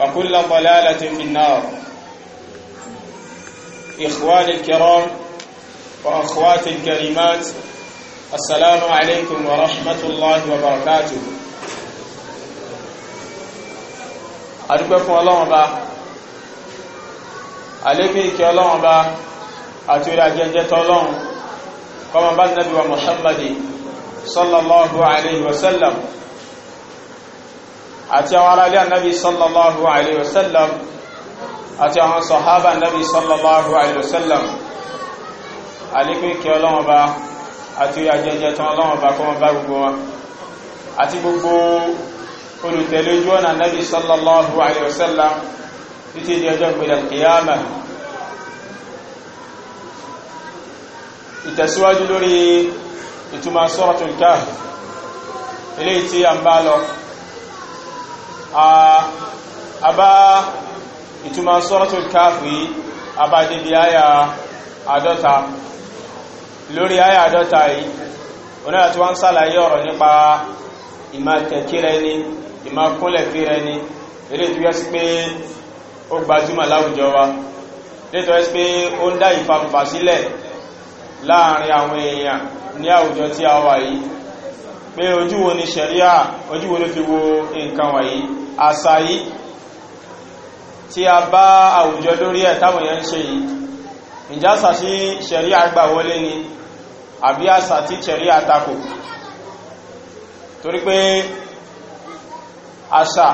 وكل ضلالة في النار إخواني الكرام وأخواتي الكريمات السلام عليكم ورحمة الله وبركاته adúpẹ́ fún ọlọ́run ọba àlékún ìkẹ́ ọlọ́run ọba àti orí ajẹ́jẹ́ tọ́lọ́run kọmọ bá nàbíwa muhammadi sallallahu alaihi wasallam àti àwọn aráalé ànábì sallallahu alayhi wa sallam àti àwọn sọ̀hábà ànábì sallallahu alayhi wa sallam àlékún ìkẹ́ ọlọ́wọ́n bá àti àjẹjẹ tán ọlọ́wọ́n bá kọ́wọ́n bá gbogbo wọn àti gbogbo olùtẹ̀lé ojú ọ̀nà ànábì sallallahu alayhi wa sallam títí di ọjọ́ ìpìlẹ̀ a bá ìtumọ̀ suratul káàfì abádébí àyà àdọ́ta lórí àyà àdọ́ta yìí onára tí wọ́n ń sàlàyé ọ̀rọ̀ nípa ìmá tẹ̀kírẹ ni ìmá kúnlẹ̀ fírẹ ni eré tí wẹ́ sí pé ó gbajúmọ̀ láwùjọ wa létọ́ ẹ́ sí pé ó ń dá ìfàfà sílẹ̀ láàrin àwọn èèyàn ní àwùjọ tí a wà yìí pé ojú wo ni ṣẹ̀ríà ojú wo ló fi wo nǹkan wà yìí àṣà yìí tí a bá àwùjọ lórí ẹ̀ táwọn èèyàn ṣe yìí ìjá sí ṣẹ̀rí àgbà wọlé ni àbí àṣà tí ṣẹ̀rí àtakò torí pé àṣà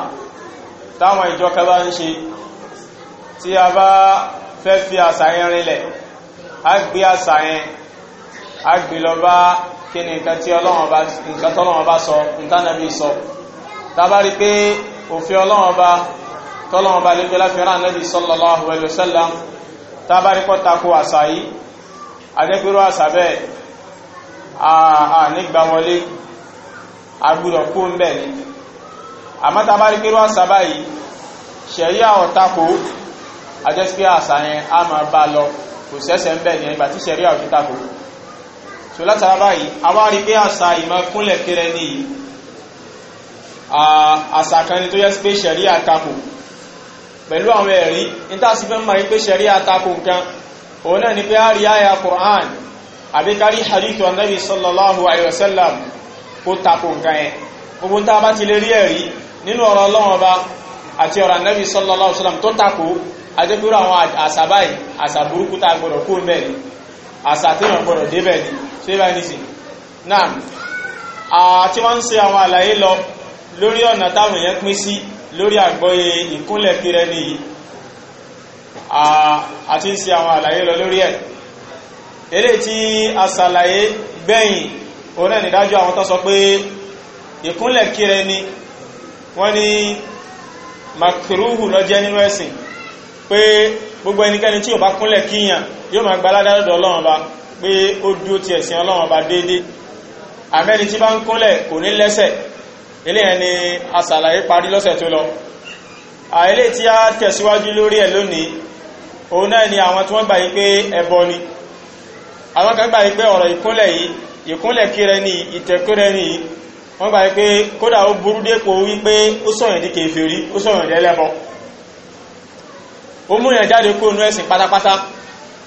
táwọn ìjọ kẹba ń ṣe tí a bá fẹ́ fi àṣà yẹn rinlẹ̀ a gbé àṣà yẹn a gbé lọ bá kí ni nǹkan tí Ọlọ́run bá sọ nǹkan tọ́lọ́run bá sọ nǹkan pé òfin ọlọ́run ọba tọ́lọ́run ọba lẹ́gbẹ́ láfẹ́ràn Ànábì sallallahu alaihi wasallam tábáríkọ́ tako àṣà yìí adẹ́pẹ́rọ àṣà bẹ́ẹ̀ àà nígbà wọlé agbúdọ̀ kó ń bẹ̀ ni àmọ́ tábáríkẹ́rọ àṣà báyìí ṣẹ̀ríà ọ̀tako adẹ́sípẹ́ àṣà yẹn a máa bá lọ kò sẹ́sẹ̀ ń bẹ̀ ni ìgbà tí ṣẹ̀ríà òfin àṣà kan ni tó yẹ pé ṣẹ̀rí àtakò pẹ̀lú àwọn ẹ̀rí nítàsí fẹ́ mọ̀ pé ṣẹ̀rí àtakò nǹkan òun náà ni pé a rí àyà Qur'an àbí kárí hadithu annabi sallallahu alayhi a bá ti lè rí ẹ̀rí nínú ọ̀rọ̀ Ọlọ́run ọba àti ọ̀rọ̀ annabi sallallahu alayhi wa sallam tó takò adébúrú àwọn àṣà báyìí àṣà burúkú a gbọdọ̀ kó bẹ́ẹ̀ ni àṣà tí wọ́n gbọdọ̀ débẹ̀ ni ṣé báyìí nìsín náà àti wọ́n ń ṣe àwọn àlàyé lọ lórí ọ̀nà táwọn èèyàn pín sí lórí àgbọ́yé ìkúnlẹ̀ kiri ẹni yìí àti ń ṣe àwọn àlàyé lọ lórí ẹ̀ eré tí a ṣàlàyé gbẹ̀yìn òun náà nídájọ́ àwọn tó sọ pé ìkúnlẹ̀ kiri ẹni wọ́n ní makruhu ló jẹ́ nínú ẹ̀sìn pé gbogbo ẹnikẹ́ni tí ò bá kúnlẹ̀ kíyàn yóò eléyàn ni asàlàyé parí lọ́sẹ̀ tó lọ àìlé tí a tẹ̀síwájú lórí ẹ̀ lónìí òun náà ni àwọn tí wọ́n gbà yí pé ẹbọ ni àwọn kan gbà yí pé ọ̀rọ̀ ìkúnlẹ̀ yìí ìkúnlẹ̀ kírẹ ni ìtẹ̀kúrẹ ni wọ́n gbà yí pé kódà ó burú dépò wípé ó sọ̀yàn di kèfèrí ó sọ̀yàn dẹ́lẹ́bọ ó múyàn jáde kó nú ẹ̀sìn pátápátá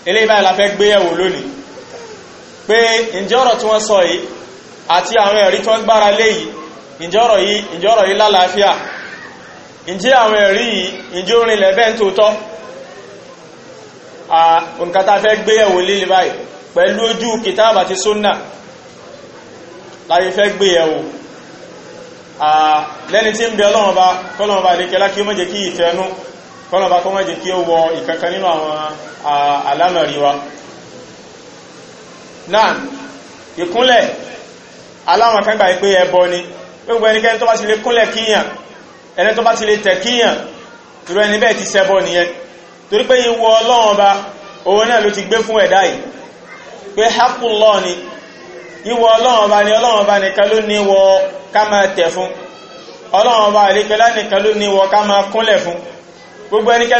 eléyìí báyìí la gbé yẹ̀wò lónìí pé ǹjẹ́ ọ̀rọ̀ tí wọ́n sọ yìí àti àwọn ẹ̀rí tí wọ́n gbára léyìí ìjọ́rọ̀ yìí ìjọ́rọ̀ yìí lálàáfíà ìjẹ́ àwọn ẹ̀rí yìí ìjọ́ orin lẹ́bẹ́ ń tóótọ́ nǹkan tá fẹ́ gbé ẹ̀wò líle báyìí pẹ̀lú ojú kìtàbà ti súnnà láti fẹ́ gbé ẹ̀wò lẹ́ni tí ń bẹ ọlọ́run bá kọ́lọ́run bá lékẹ́lá kí ó má jẹ́ kí ìfẹ́nú kọ́lọ́run bá kọ́ má jẹ́ kí ó wọ ẹbọ ni gbogbo ẹnikẹ́ni tó bá ti lè kúnlẹ̀ kíyàn ẹni tó bá ti lè tẹ̀ kíyàn irú ẹni bẹ́ẹ̀ ti ṣẹbọ nìyẹn torí pé ìwọ ọlọ́run ọba òun náà ló ti gbé fún ẹ̀dá yìí pé ni ìwọ ọlọ́run ọba ni ọlọ́run ọba nìkan ló ní wọ máa tẹ̀ fún ọba gbogbo ti gbe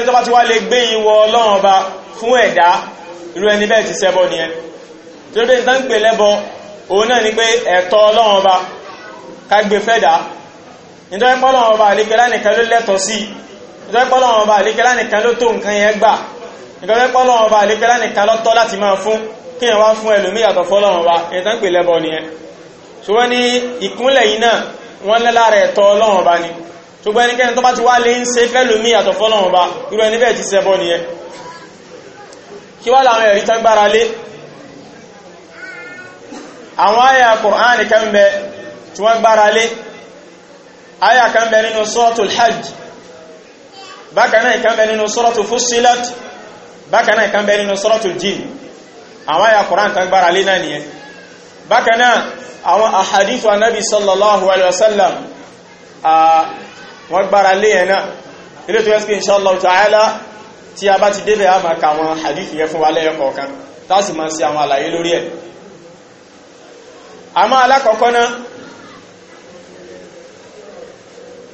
ọba fún kágbé fẹ́dà nítorí pọ́lọ́wọ́n ọba àlékẹ́ lánìkan ló lẹ́tọ̀ sí nítorí pọ́lọ́wọ́n ọba àlékẹ́ lánìkan ló tó nǹkan yẹn gbà nítorí pọ́lọ́wọ́n ọba àlékẹ́ lánìkan ló tọ́ láti máa fún kí yẹn wá fún ẹlòmí yàtọ̀ fọ́lọ́wọ́n ọba ẹni tán pè lẹ́bọ nìyẹn ṣùgbọ́n ní ìkúnlẹ̀ yìí náà wọ́n lẹ́lá rẹ̀ tọ́ ọlọ́wọ́n ọba ni ṣùgbọ́n ẹnikẹ́ni tó bá ti wá lé ń ṣe fẹ́lòmí yàtọ̀ fọ́lọ́wọ́n ọba irú ẹni bẹ́ẹ̀ ti ṣẹbọ nìyẹn kí wá láwọn ẹ̀rí tán gbára lé àwọn àyà Kùránì kan bẹ́ẹ̀ tí wọ́n gbára lé aya kan bẹ nínú suratul hajj bákan náà kan bẹ nínú suratu fussilat bákan náà kan bẹ nínú suratul jin àwọn aya Qur'an kan gbára lé náà nìyẹn bákan náà àwọn ahadithu anabi sallallahu alaihi wasallam wọ́n gbára lé ẹ̀ náà ilé tó yẹ́sìkí inshallah ta'ala tí a bá ti débẹ̀ a máa ka àwọn hadith yẹn fún wa lẹ́yọ kọ̀ọ̀kan tá máa ṣe àwọn àlàyé lórí ẹ̀ àmọ́ alákọ̀ọ́kọ́ náà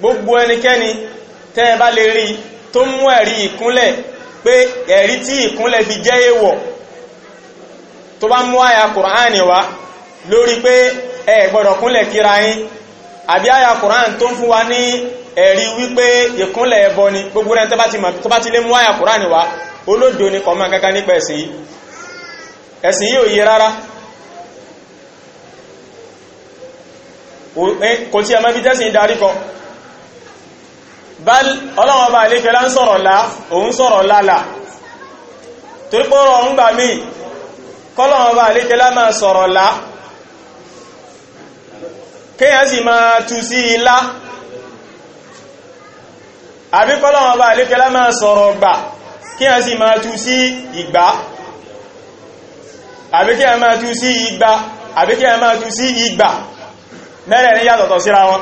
gbogbo ẹnikẹ́ni tẹ́ ẹ bá lè rí tó mú ẹ̀rí ìkúnlẹ̀ pé ẹ̀rí tí ìkúnlẹ̀ fi jẹ́ èèwọ̀ tó bá mú àyà kùránì wá lórí pé ẹ gbọ́dọ̀ kúnlẹ̀ kíra yín àbí àyà kùránì tó ń fún wa ní ẹ̀rí wípé ìkúnlẹ̀ ẹbọ ni gbogbo ẹni tó bá ti lè mú àyà kùránì wá ni kọ̀ọ̀mọ́ kankan nípa ẹ̀sìn yìí ẹ̀sìn yìí ò yé rárá kò tí a máa fi tẹ́sìn darí kan bal ọlọ́wọ́ bá ilé kẹlá ń sọ̀rọ̀ lá òun sọ̀rọ̀ lálà torí pọ́rọ̀ ń gbà mí kọ́lọ́wọ́ bá ilé kẹlá máa sọ̀rọ̀ lá kíyàn sì máa tú sí ilá àbí kọ́lọ́wọ́ bá ilé kẹlá máa sọ̀rọ̀ gbà kíyàn sì máa tú sí ìgbà àbí kíyàn máa tú sí ìgbà àbí kíyàn máa tú sí ìgbà mẹ́rẹ̀ ní yàtọ̀tọ̀ síra wọn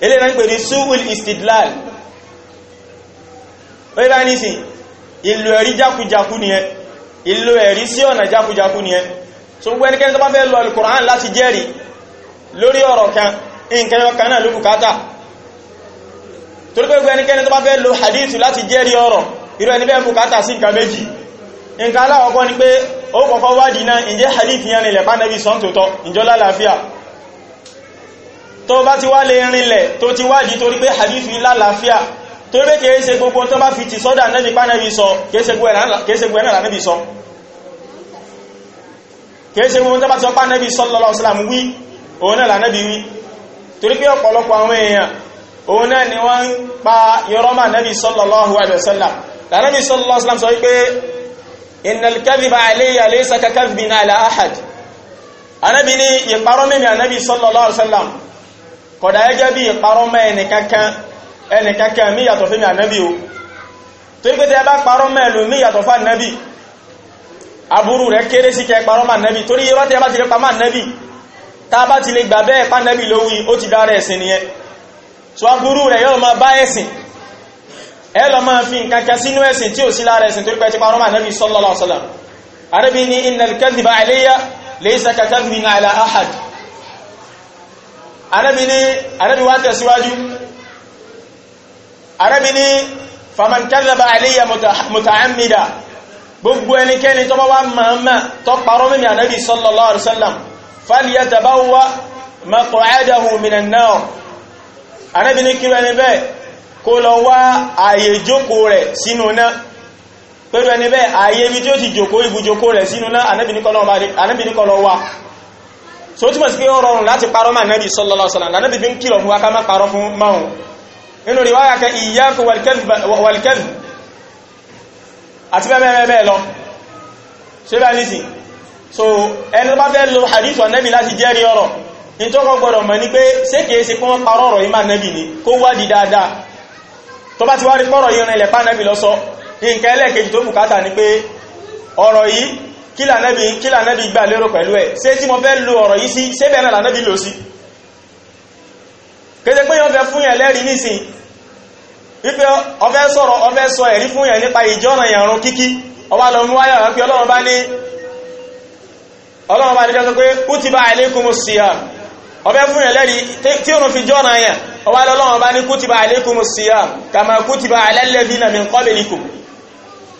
ilé náà ń pè ní suwul istidlal oye bá ní sí ìlò ẹ̀rí jákujáku ni ẹ ìlò ẹ̀rí sí ọ̀nà jákujáku ni ẹ so gbogbo ẹnikẹ́ni tó bá fẹ́ lọ alìkùrán láti jẹ́rì lórí ọ̀rọ̀ kan nǹkan kan náà ló bùkátà torí pé gbogbo ẹnikẹ́ni tó bá fẹ́ lo hadithu láti jẹ́rì ọ̀rọ̀ irú ẹni bẹ́ẹ̀ bùkátà sí nǹkan méjì nǹkan aláwọ̀kọ́ ni pé ó kọ́kọ́ wádìí náà ǹjẹ́ hadith yẹn nílẹ̀ pánẹ́bí sọ́ntòótọ́ ìjọ́lá làáfíà tó bá ti wá lè rinlẹ̀ tó ti wádìí torí pé hadith ní lálàáfíà torí pé kìí ṣe gbogbo tó bá fi ti sọ́dà nẹ́bí pánẹ́bí sọ kìí ṣe gbogbo ẹ̀nà nẹ́bí sọ kìí ṣe gbogbo tó bá ti sọ pánẹ́bí sallallahu alaihi wasallam wí òun náà lànẹ́bí wí torí pé ọ̀pọ̀lọpọ̀ àwọn èèyàn òun náà ni wọ́n ń pa yọrọ́mà nẹ́bí sallallahu kọ̀dá ẹgẹ́ bí ìparọ́ mọ́ ẹnìkankan mí yàtọ̀ fún ànábì o tó ń pẹ́tẹ́ bá parọ́ mọ́ ẹlù mí yàtọ̀ fún ànábì aburú rẹ̀ kéré sí kẹ parọ́ mọ́ ànábì torí irọ́ tẹ́ bá ti lè pa mọ́ ànábì tá bá ti lè gbà bẹ́ẹ̀ pa ànábì ló wí ó ti dára ẹ̀sìn nìyẹn tó aburú rẹ̀ yóò máa bá ẹ̀sìn ẹ lọ máa fi nǹkan kan sínú ẹ̀sìn Ànábì ní Ànábì wá tẹ̀síwájú Ànábì ní faman kadhaba alayya muta'ammida gbogbo ẹnikẹ́ni tó bá wá mọ̀ọ́mọ̀ tó parọ́ mímí Ànábì sallallahu alaihi wasallam falyatabawwa maq'adahu minan nar Ànábì ní kí ẹni bẹ́ẹ̀ kó lọ wá ààyè jókòó rẹ̀ sínú náà pẹ̀lú ẹni bẹ́ẹ̀ ààyè ibi tí ó ti jókòó ibùjókòó rẹ̀ sínú náà Ànábì ní kó lọ wá so tí mọ̀ sí pé ó rọrùn láti parọ́ máa nẹ́bí sallallahu alaihi wasallam lánàbí fi ń kìlọ̀ fún wa ká má parọ́ fún máhùn nínú rí wáyà kan ìyáku wàlkẹ́lù àti bẹ́ẹ̀bẹ́ẹ̀ lọ ṣe bá nìsìn so ẹni bá fẹ́ lo hadith wa nẹ́bí láti jẹ́rí ọ̀rọ̀ ní tó kọ́ gbọ́dọ̀ mọ̀ ní pé ṣé kìí ṣe kí wọ́n parọ́ ọ̀rọ̀ yìí máa nẹ́bí ni kó wádìí dáadáa tó ti wá rí pọ́rọ̀ yìí rìn ilẹ̀ pá nẹ́bí lọ sọ nǹkan ẹlẹ́ẹ̀kejì tó bùkátà ni pé ọ̀rọ̀ yìí kí lànẹ́bí kí lànẹ́bí gbà lérò pẹ̀lú ẹ̀ ṣé tí mo fẹ́ lo ọ̀rọ̀ yìí sí ṣé bẹ̀rẹ̀ lànẹ́bí lò sí kéde pé yọ́n fẹ́ fún yẹn lẹ́rìí nísìn wípé ọfẹ́ sọ̀rọ̀ ọfẹ́ sọ ẹ̀rí fún yẹn nípa ìjọ́nà ìyàrún kíkí ọba lọ mú ayọ̀ pé ọlọ́run bá ní ọlọ́run bá ní jọ́sọ pé kutiba alaykumus siyam ọfẹ́ fún yẹn lẹ́rìí tí òun fi jọ́nà yẹn ọba lọ́run bá ní kutiba alaykumus siyam kama kutiba alal ladhina min qablikum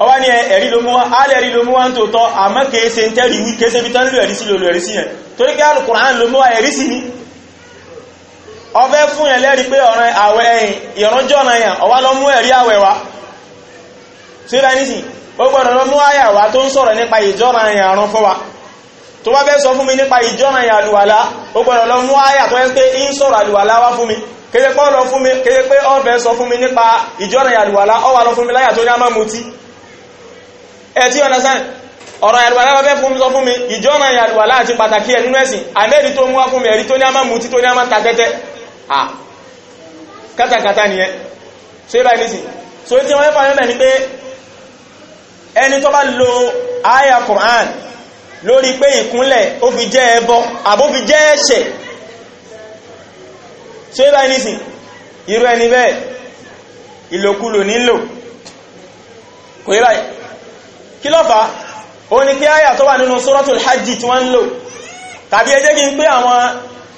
ọwá ní ẹ̀rí ló mú wá alẹ́ ẹ̀rí ló mú wá ń tòótọ́ àmọ́ kéèsè ń tẹ́rì wí kéèsè bí tán lò ẹ̀rí sí lòlò ẹ̀rí sí yẹn torí pé Al-Qur'an ló mú wá ẹ̀rí sí ní ọfẹ́ fún yẹn lẹ́rí pé ọ̀ràn àwẹ̀ ẹ̀yìn ìrànjọ́ ọ̀nà yẹn ọwá lọ mú ẹ̀rí àwẹ̀ wá sí bá nísìn ó gbọ́dọ̀ lọ mú àyà wá tó ń sọ̀rọ̀ nípa ìjọ́ra yẹn àrùn fún wa tó bá fẹ́ sọ fún mi nípa ìjọ́ra yẹn àlùwàlá ó gbọ́dọ̀ lọ mú àyà tó ẹ́ pé ń sọ̀rọ̀ àlùwàlá wá fún mi kéde pé ó fẹ́ sọ fún mi nípa ìjọ́ra yẹn àlùwàlá ó wá lọ fún mi láyà tó ní a máa mutí ẹ̀tí eh, ọ̀nàsán ọ̀rọ̀ àyàlùwàlá wọ́n fẹ́ fún mi sọ fún mi ìjọ́nà àyàlùwàlá àti pàtàkì ẹ̀ nínú ẹ̀sìn àmẹ́rí tó mú wá fún mi ẹ̀rí tó ní àmà mú tí tó ní àmà tàtẹ́tẹ́ à kátàkátà nìyẹn so ibà ní sí so tí wọ́n fà mẹ́bẹ̀ ni pé ẹni tó bá lo àyà Qur'an lórí pé ìkúnlẹ̀ ó fi jẹ́ ẹbọ àbó fi jẹ́ ẹ̀ṣẹ̀ so ibà ní sí irú ẹni bẹ́ẹ̀ ìlòkulò nílò kò yẹ kí ló fà ó ní pé àyà tó wà nínú suratul hajj tí wọ́n ń lò tàbí ẹ jẹ́ kí n pé àwọn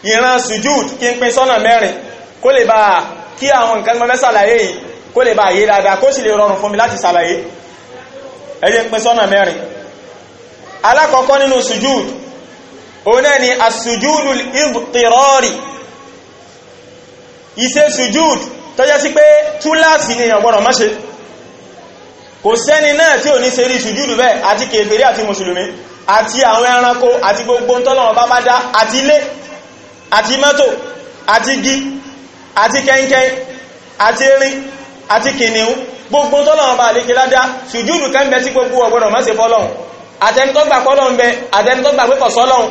ìran sujud kí n pín sọ́nà mẹ́rin kó lè bá kí àwọn nǹkan mọ́fẹ́ sàlàyé yìí kó lè bá yé dáadáa kó sì lè rọrùn fún mi láti sàlàyé ẹ pín sọ́nà mẹ́rin alákọ̀ọ́kọ́ nínú sujud òun náà ni asujudul idtirari ìṣe sujud tó sí pé túláàsì ni èèyàn gbọ́dọ̀ má kò sẹ́ni náà tí ò ní ṣe rí ṣùjúdù bẹ́ẹ̀ àti kèfèrí àti mùsùlùmí àti àwọn ẹranko àti gbogbo tọ́lọ̀wọ̀n bá bá dá àti ilé àti mọ́tò àti gi àti kẹ́ńkẹ́ń àti erin àti kìnìún gbogbo tọ́lọ̀wọ̀n bá lè kí ládá ṣùjúdù kẹ́ńbẹ́ tí gbogbo ọgbọ́dọ̀ má ṣe fọ́lọ́hun àtẹnitọ́gbà pọ́lọ́hun bẹ àtẹnitọ́gbà pẹ́kọ̀ sọ́lọ́hun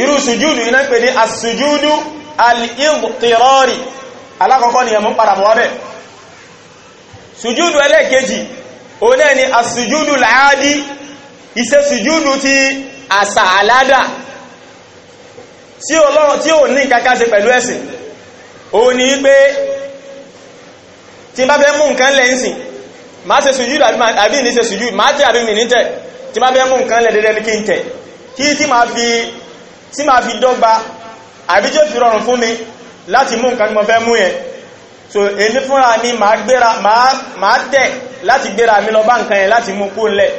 irú ṣùjúdù iná pè ní àṣùjúdù al-idtirari alákọ̀ọ́kọ́ ni ẹ̀mú padà bọ́ bẹ́ẹ̀ sùjúdù ẹlẹ́ẹ̀kejì òun náà ni àsùjúdù làádí iṣẹ́ sùjúdù ti àṣà àládà tí ọlọ́run tí ò ní kankan ṣe pẹ̀lú ẹ̀sìn òun ni wípé tí bá fẹ́ mú nǹkan lẹ́ǹsìn máa ṣe sùjúdù àbí ní ṣe sùjúdù máa tẹ́ àbí mi ní tẹ̀ tí bá fẹ́ mú nǹkan lẹ̀ dédé ní kí n tẹ̀ láti mú nǹkan tí mo fẹ́ mú yẹn so èmi fúnra ni máa gbéra máa tẹ̀ láti gbéra mi lọ bá nǹkan yẹn láti mú kó lẹ̀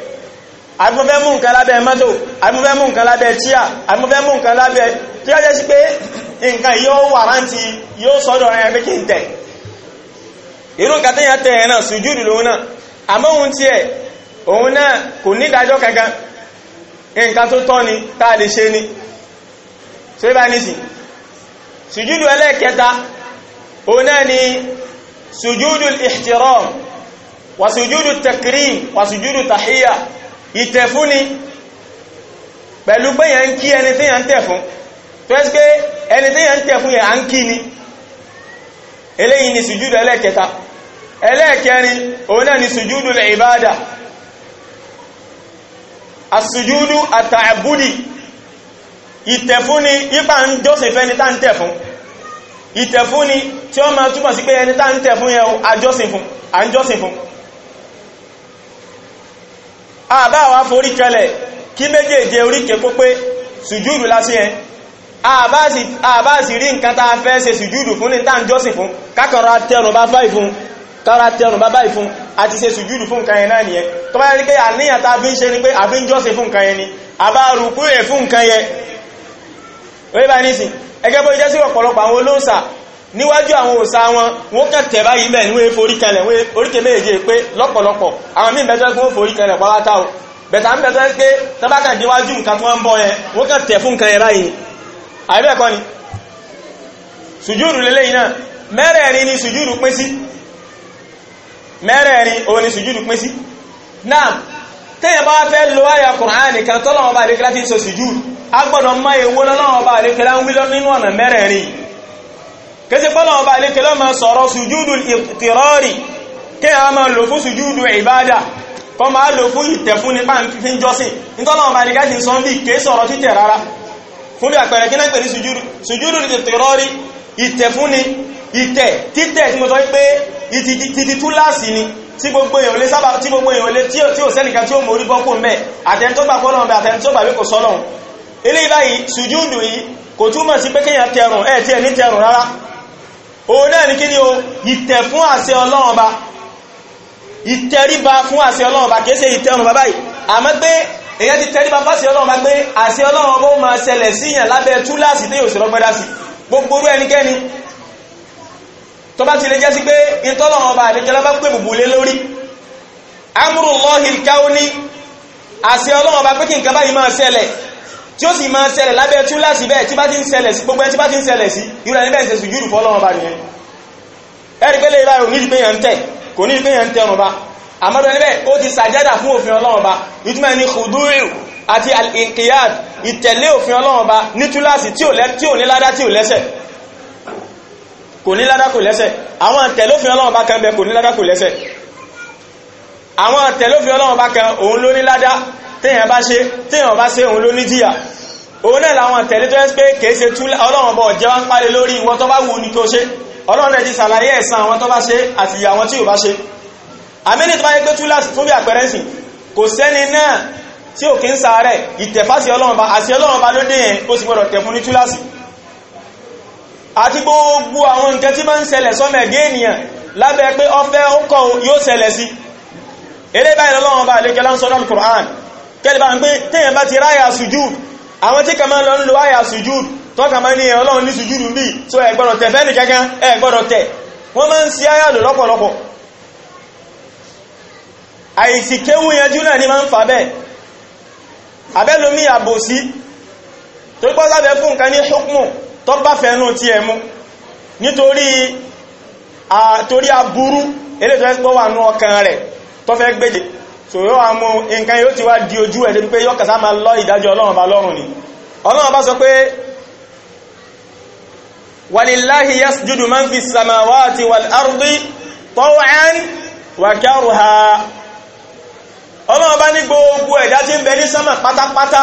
agbófẹ́ mú nǹkan lábẹ́ mọ́tò agbófẹ́ mú nǹkan lábẹ́ tíà agbófẹ́ mú nǹkan lábẹ́ tí ó jẹ́ sí pé nǹkan yóò wàrántí yóò sọ́dọ̀ ẹ̀yẹn pé kí n tẹ̀ irú nǹkan tẹ́yàn tẹ̀ ẹ̀ náà sùjúdù lòun náà àmọ́ òun tiẹ̀ òun náà kò ní ìdájọ́ kankan nǹkan tó tọ́ ni tá a lè ṣe ni ṣé bá ní sí sùjúdù ẹlẹ́ẹ̀kẹta ọ̀nà ni sujúdù ìhtìrọ̀m wà sujúdù takrim wà sujúdù tàhíyà ìtẹ̀fúnni pẹ̀lú pé yà ń kí ẹni tí yà ń tẹ̀fún tó ẹ́sì pé ẹni tí yà ń tẹ̀fún yà ń kí ni eléyìn ni sujúdù ẹlẹ́kẹta ẹlẹ́kẹrin ọ̀nà ni sujúdù ìbádà asujúdù àtàbùdì ìtẹ̀fúnni ipa ń jọ́sìn fẹ́ni tá ń tẹ̀fún ìtẹ̀fún ni tí ó máa túmọ̀ sí pé ẹni tá ń tẹ̀fún yẹn àjọsìn fún àjọsìn fún àbá wa forí kẹlẹ̀ kí méjèèje oríkè kó pé sùjúdù lásí yẹn àbá sì rí nǹkan tá a fẹ́ ṣe sùjúdù fún ní tá ń jọ́sìn fún kákànrà tẹrùn bá báyìí fún kára tẹrùn bá báyìí fún àti ṣe sùjúdù fún nǹkan yẹn náà nìyẹn tó bá rí pé àníyàn tá a fi ń ṣe ni pé àfi ń jọ́sìn fún nǹkan yẹn ni àbá rùkú ẹ̀ fún nǹkan yẹn ẹgẹ́ bó jẹ́ sí ọ̀pọ̀lọpọ̀ àwọn olóòsà níwájú àwọn òsà wọn wọ́n kàn tẹ̀ báyìí bẹ́ẹ̀ níwé forí kanlẹ̀ oríkè méjèèjì pé lọ́pọ̀lọpọ̀ àwọn míì bẹ́tọ́ fún forí kanlẹ̀ pátá o bẹ̀tà ń bẹ̀tọ́ pé tábàkà díwájú nǹkan tí wọ́n ń bọ́ ni sùjúrù lélẹ́yìn náà mẹ́rẹ̀ẹ̀rin ni sùjúrù pín sí tẹ́yìn bá fẹ́ lo àyà kùránì kan tọ́lọ́wọ́n bá àríkẹ́lá fi ń sọ sùjú a gbọ́dọ̀ mọ́ èwo lọ́wọ́n bá àríkẹ́lá ń wílọ́ nínú àpẹẹrẹ kí náà pè ní sùjúdù ìtìrọ́rì ìtẹ̀fún ìtẹ̀ títẹ̀ tí mo sọ pé ìtìtú láàsì ni tí gbogbo èèyàn lé sábà tí gbogbo èèyàn lé tí ò sẹ́nìkan tí ó mórí bọ́ kó ń bẹ̀ àtẹni tó gbà fọ́lọ́run bẹ̀ àtẹni tó gbà wí kò sọ́lọ́run eléyìí báyìí sùjúdù yìí kò túmọ̀ sí pé kéèyàn tẹrùn ẹ̀ tí ẹ̀ ní tẹrùn rárá òun náà ní kí ni o ìtẹ̀ fún àṣẹ ọlọ́run ba ìtẹríba fún àṣẹ ọlọ́run ba kìí ṣe ìtẹrùn bàbá yìí àmọ́ pé èèyàn ti tẹríba fáṣẹ ọlọ́run ba pé àṣẹ ọlọ́run bó máa ṣẹlẹ̀ síyàn lábẹ́ túláàsì tí yóò sì lọ́gbẹ́dá sí gbogbo ẹnikẹ́ni tó bá ti lè jẹ́ sí pé ìtọ́lọ̀wọ̀n ọba àdéjọlá bá pè bùbù lé lórí amúrùlọ́hìl káóní àṣẹ ọlọ́wọ̀n ọba pé kí nǹkan báyìí máa ṣẹlẹ̀ tí ó sì máa ṣẹlẹ̀ lábẹ́ tún láti bẹ́ẹ̀ tí bá ti ń ṣẹlẹ̀ sí gbogbo ẹ tí bá ti ń ṣẹlẹ̀ sí irú ẹni bẹ́ẹ̀ ṣe sùjúdù fọ́lọ́wọ̀n ọba nìyẹn ẹ̀rí pé lè ra ò nídìí pé yẹn kò ní ládá kò lẹ́sẹ̀ àwọn àtẹ̀lófin ọlọ́run bá kan bẹ kò ní ládá kò lẹ́sẹ̀ àwọn àtẹ̀lófin ọlọ́run bá kan òun ló ní ládá téèyàn bá ṣe téèyàn bá ṣe òun ló ní jìyà òun náà làwọn àtẹ̀lé tó ẹ́ pé kìí ṣe tú ọlọ́run bọ̀ jẹ́ wá ń parí lórí ìwọ tó bá wù ní tó ṣe ọlọ́run rẹ̀ ti ṣàlàyé ẹ̀san àwọn tó bá ṣe àti ìyà tí ò bá ṣe àmínì tó bá yẹ pé tú láti fún bí àpẹẹrẹ sìn kò sẹ́ni náà tí ò kí ń sàárẹ̀ ìtẹ̀fásí ọlọ́run bá àti ọlọ́run bá ló dé yẹn ó sì gbọ́dọ̀ tẹ̀ fún ní tú àti gbogbo àwọn nǹkan tí máa ń ṣẹlẹ̀ sọ́mọ̀ ẹ̀dẹ́ ènìyàn lábẹ́ pé ọfẹ́ ọkọ̀ yóò ṣẹlẹ̀ sí eléyìí lọ́wọ́n bá àlékẹ́ lọ́nṣọ́nà Al-Qur'an kẹ́lẹ̀bá ń pé téèyàn bá ti ráyà sùjúd àwọn tí kàmá lọ ń lo àyà sùjúd tọ́ka máa ní ọlọ́run ní sùjúd ń bí tó ẹ gbọ́dọ̀ tẹ̀ fẹ́ni kankan ẹ gbọ́dọ̀ tẹ̀ wọ́n máa ń sí àyà lò lọ́pọ̀lọpọ̀ àìsì kéwú yanjú náà ni máa ń fà bẹ́ẹ̀ abẹ́lómi àbòsí tó gbọ́ sábẹ́ fún nǹkan ní ṣókùnmù tó bá fẹ́nu tí ẹ mú nítorí torí aburú eléyìí tó fẹ́ pọ́ wà nú ọkàn rẹ̀ tó fẹ́ gbéje so yóò wá mú nǹkan yóò ti wá di ojú ẹ̀ débi pé yóò kàsá máa lọ ìdájọ́ ọlọ́run bá lọ́rùn ni ọlọ́run bá sọ pé walillahi yasjudu wal ardi taw'an wa karha ọlọ́run bá ní gbogbo ẹ̀dá tí ń bẹ ní sánmà pátápátá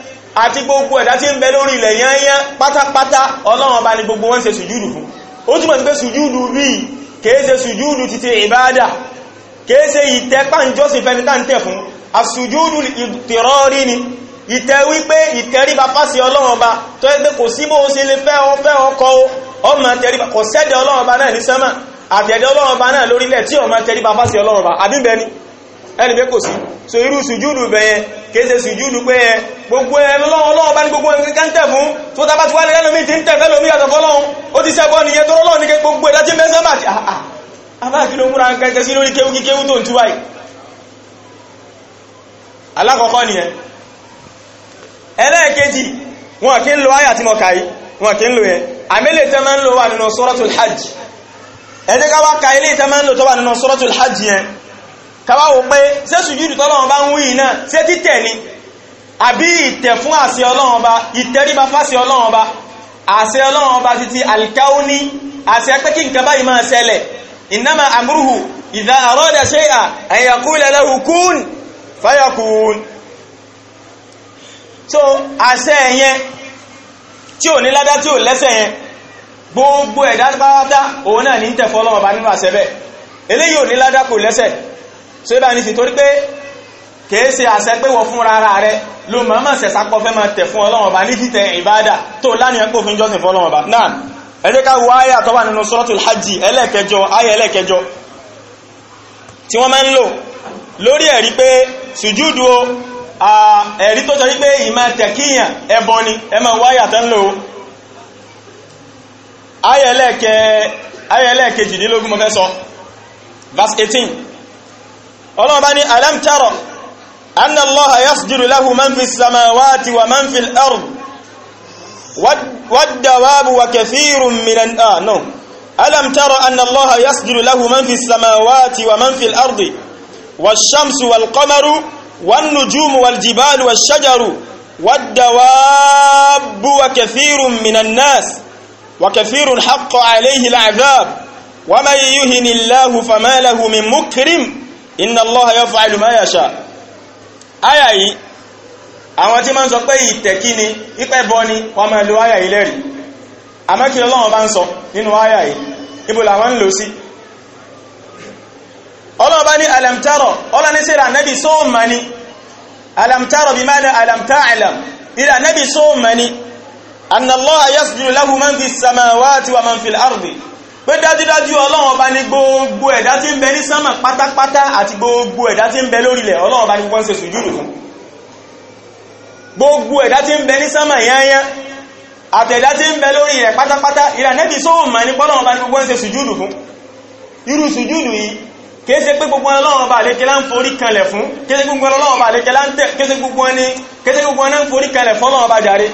àti gbogbo ẹ̀dá tí ń bẹ lórí ilẹ̀ yányá pátápátá ọlọ́run ọba ni gbogbo wọn se sùjúdù fún ó túnmọ̀ sí pé sùjúdù rí kìí ṣe sùjúdù ti ti ìbádà kìí ṣe ìtẹ́pàǹjọ́sìn fẹ́ni táǹtẹ̀ fún àsùjúdù ìtìrọ́rí ni ìtẹ́ wípé ìtẹríba fásí ọlọ́run ọba tó ẹgbẹ́ kò sí bó ṣe lè fẹ́ ọ fẹ́ ọkọ ẹni pé kò sí so irú sùjúdù bẹ̀yẹn kéèsè sùjúdù pé ẹ gbogbo ẹ lọ́wọ́lọ́wọ́ bá ní gbogbo ẹ kẹ́kẹ́ ń tẹ̀ fún tó tàbá ti wá ní lẹ́nu mi ti ń tẹ̀ fẹ́lómi yàtọ̀ fọ́lọ́hun ó ti sẹ́gbọ́ nìyẹn tó rọ́lọ́ ní gbogbo ẹ̀ láti mẹ́sẹ́ bàtì àà ah, ah, àbáàkì ló múra kẹ́kẹ́ sí lórí kéwú kíkéwú tó ń tú báyìí alákọ̀ọ́kọ́ nìyẹn ẹlẹ́ẹ̀kejì wọn kí ń lo àyà tí mo kà yìí wọn kí ń lo yẹn àmẹ́lẹ̀ tẹ́ máa ń lo wà nínú suratul hajj ẹ̀ẹ́dẹ́ká wá ka ilé tẹ́ máa ń lo tó wà nínú suratul hajj yẹn kàwáwò pé ṣé sùjúdù tọ́lọ́run bá ń wí iná ṣé títẹ̀ ni àbí ìtẹ̀ fún àṣẹ ọlọ́run ọba ìtẹríba fáṣẹ ọlọ́run ọba àṣẹ ọlọ́run ọba títí alkauni àṣẹ pé kí nǹkan báyìí máa ṣẹlẹ̀ innama amruhu idha arada shay'an an yaqula lahu kun fayakun so àṣẹ yẹn tí ò ní ládá tí ò lẹ́sẹ̀ yẹn gbogbo ẹ̀dá pátá òun náà ní tẹ̀fọ́ ọlọ́run ọba nínú àṣẹ bẹ́ẹ̀ eléyìí ò ní ládá kò lẹ́sẹ̀ ṣe bá ní sí torí pé kìí ṣe àṣẹ pé wọ́n fúnra ara rẹ ló mọ̀ọ́mọ̀ ṣẹ̀ṣàpọ̀ fẹ́ máa tẹ̀ fún Ọlọ́run Ọba ní títẹ̀ ìbádà tó lánìyàn pò fún jọ́sìn fún Ọlọ́run Hajj ẹlẹ́ẹ̀kẹjọ àyà ẹlẹ́ẹ̀kẹjọ tí wọ́n máa ń lò lórí ẹ̀rí pé sùjúdù o ẹ̀rí tó sọ wípé ìmá tẹ̀kíyàn ẹbọ ni ẹ máa wá àyà tó ń lò ó àyà ẹlẹ́ẹ̀kejìdínlógún mo fẹ́ sọ verse 18 ọlọ́run bá ní alam tara anna allaha yasjudu lahu man fi samawati wa man fi al-ard wad-dawabu wa kathirun minan ah no alam tara anna allaha yasjudu lahu man fi samawati wa man fi al-ard wash-shamsu wal-qamaru wan-nujumu wal-jibalu wash-shajaru wad-dawabu wa kathirun minan nas wa kathirun haqqo alayhi al wa man yuhin illahu fama min mukrim inna Allaha yaf'alu ma yasha àyà yìí àwọn tí ma ń sọ pé ìtẹ̀kí ni ipẹ́ bọ́ ni wọ́n máa lo àyà yìí lẹ́rìí àmọ́ kí Ọlọ́run bá ń sọ nínú àyà yìí ibo làwọn ń lò sí Ọlọ́run bá ní alam tara Ọlọ́run ní sílẹ̀ ànábì sóò mà ní alam tara bí pé dájúdájú ọlọ́run ọba ní gbogbo ẹ̀dá tí ń bẹ ní sánmà pátápátá àti gbogbo ẹ̀dá tí ń bẹ lórílẹ̀ ọlọ́run ọba ní wọ́n ṣe sùjúdù fún gbogbo ẹ̀dá tí ń bẹ ní sánmà yányá àtẹ̀dá tí ń bẹ lórí rẹ̀ pátápátá ìrànẹ́bì sóhùn mà ní pọ́lọ́run ọba ní gbogbo ṣe sùjúdù fún irú sùjúdù yìí kìí ṣe pé gbogbo ọlọ́run ọba àlékelá ń forí kanlẹ̀ fún kìí ṣe gbogbo ọlọ́run ọba àlékelá ń tẹ̀ kìí ṣe gbogbo ẹni ń forí kanlẹ̀ fún ọlọ́run ọba jàre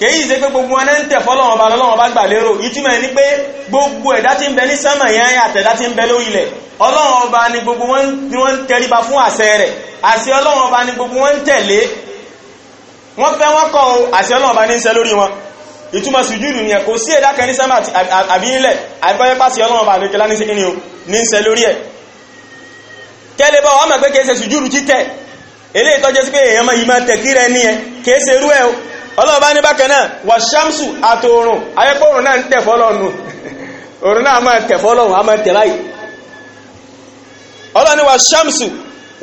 kèyí ṣe pé gbogbo wọn ń tẹ̀ fọ́lọ́wọ́n bá lọ́wọ́n bá gbà lérò ìtumọ̀ ní pé gbogbo ẹ̀dá tí ń bẹ ní sánmà yẹn àtẹ̀dá tí ń bẹ lórí ilẹ̀ ọlọ́wọ́n ọba ni gbogbo wọn ni wọ́n ń tẹríba fún àṣẹ rẹ̀ àṣẹ ọlọ́wọ́n ọba ni gbogbo wọn ń tẹ̀lé wọ́n fẹ́ wọ́n kọ́ àṣẹ ọlọ́wọ́n ọba ní ń ṣe lórí wọn ìtumọ̀ sùjúdù ni ẹ̀ kò sí ẹ̀dá kan sánmà àbí ilẹ̀ àìkọ́yẹ́ sí pé èèyàn ọlọ́ọ̀bá ní bákan náà wà ṣámsù àtòrùn ayẹ́pọ̀rùn náà ń tẹ̀fọ́lọ́nù òrùn náà máa tẹ̀fọ́lọ́run a máa tẹ̀ ọlọ́ni wà ṣámsù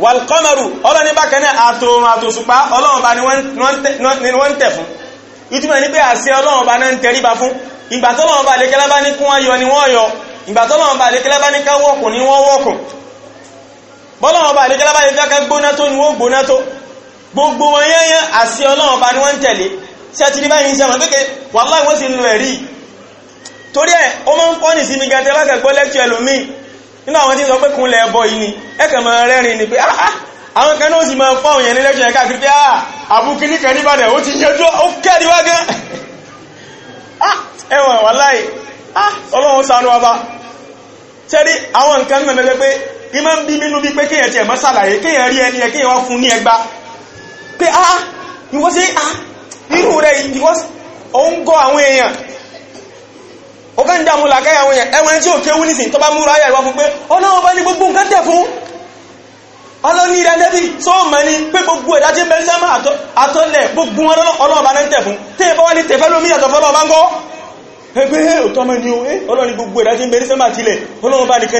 wà kọ́mọ̀rù ọlọ́ni náà àtòrùn ọlọ́ọ̀bá ni wọ́n tẹ̀ fún ìtumọ̀ ní pé àṣẹ ọlọ́ọ̀bá náà ń tẹríba ni wọ́n yọ ìgbà tọ́lọ́ọ̀bá bá ní ká wọ́kùn ni wọ́n wọ́kùn bọ́lọ́ọ̀bá bá ní ká gbóná tó ni wọ́n gbóná tó gbogbo wọn yẹ́yẹ́ àṣì ọlọ́run bá ní wọ́n ń tẹ̀lé sí àti ní báyìí ń sẹ́wọ̀n pé wàláì wọ́n sì ń lo ẹ̀rí torí ẹ̀ ó máa ń kọ́ ní sinmi gan tẹ́lá kẹ́gbọ́ lẹ́kṣọ́ ẹlòmíì àwọn tí sọ pé kúnlẹ̀ ẹbọ ni ẹ̀kẹ̀ máa rẹ́rìn ni pé ah, ah, àwọn kan náà sì máa fọ́ òyìn ní lẹ́kṣọ́ ẹ̀ka kiri pé àbúkí ah, ní kan níbàdàn ó ti yanjú ó kẹ́ẹ̀dí wá gan ẹwọ̀n wàláì ọlọ́run ṣàánú wa bá ṣẹ́rí àwọn nǹkan náà mẹ́fẹ́ pé ìmọ̀ ń bí mínú bí pé kéèyàn pé ah ìwọ́n sí ah irú rẹ̀ ìwọ́n òun gọ́ àwọn èèyàn ó kàn dàmú làkáyà àwọn èèyàn ẹwọ́n tí ó kéwú nìsìn tó bá múra ayà ìwà fún pé ọlọ́wọ́ bá ní gbogbo nǹkan tẹ̀ fún ọlọ́ní rẹ̀ lẹ́bí tó mọ̀ ní pé gbogbo ẹ̀dá jẹ́ mẹ́rin sẹ́mà àtọ́lẹ̀ gbogbo ọlọ́wọ́ bá ní tẹ̀ fún tẹ́ bá wá ní tẹ̀fẹ́ lómi àtọ̀ fọ́lọ́ bá ń gọ́ ẹgbẹ́ òtọ́ mẹ́ ni o ọlọ́ni gbogbo ẹ̀dá jẹ́ mẹ́rin sẹ́mà tilẹ̀ ọlọ́wọ́ bá ní kẹ́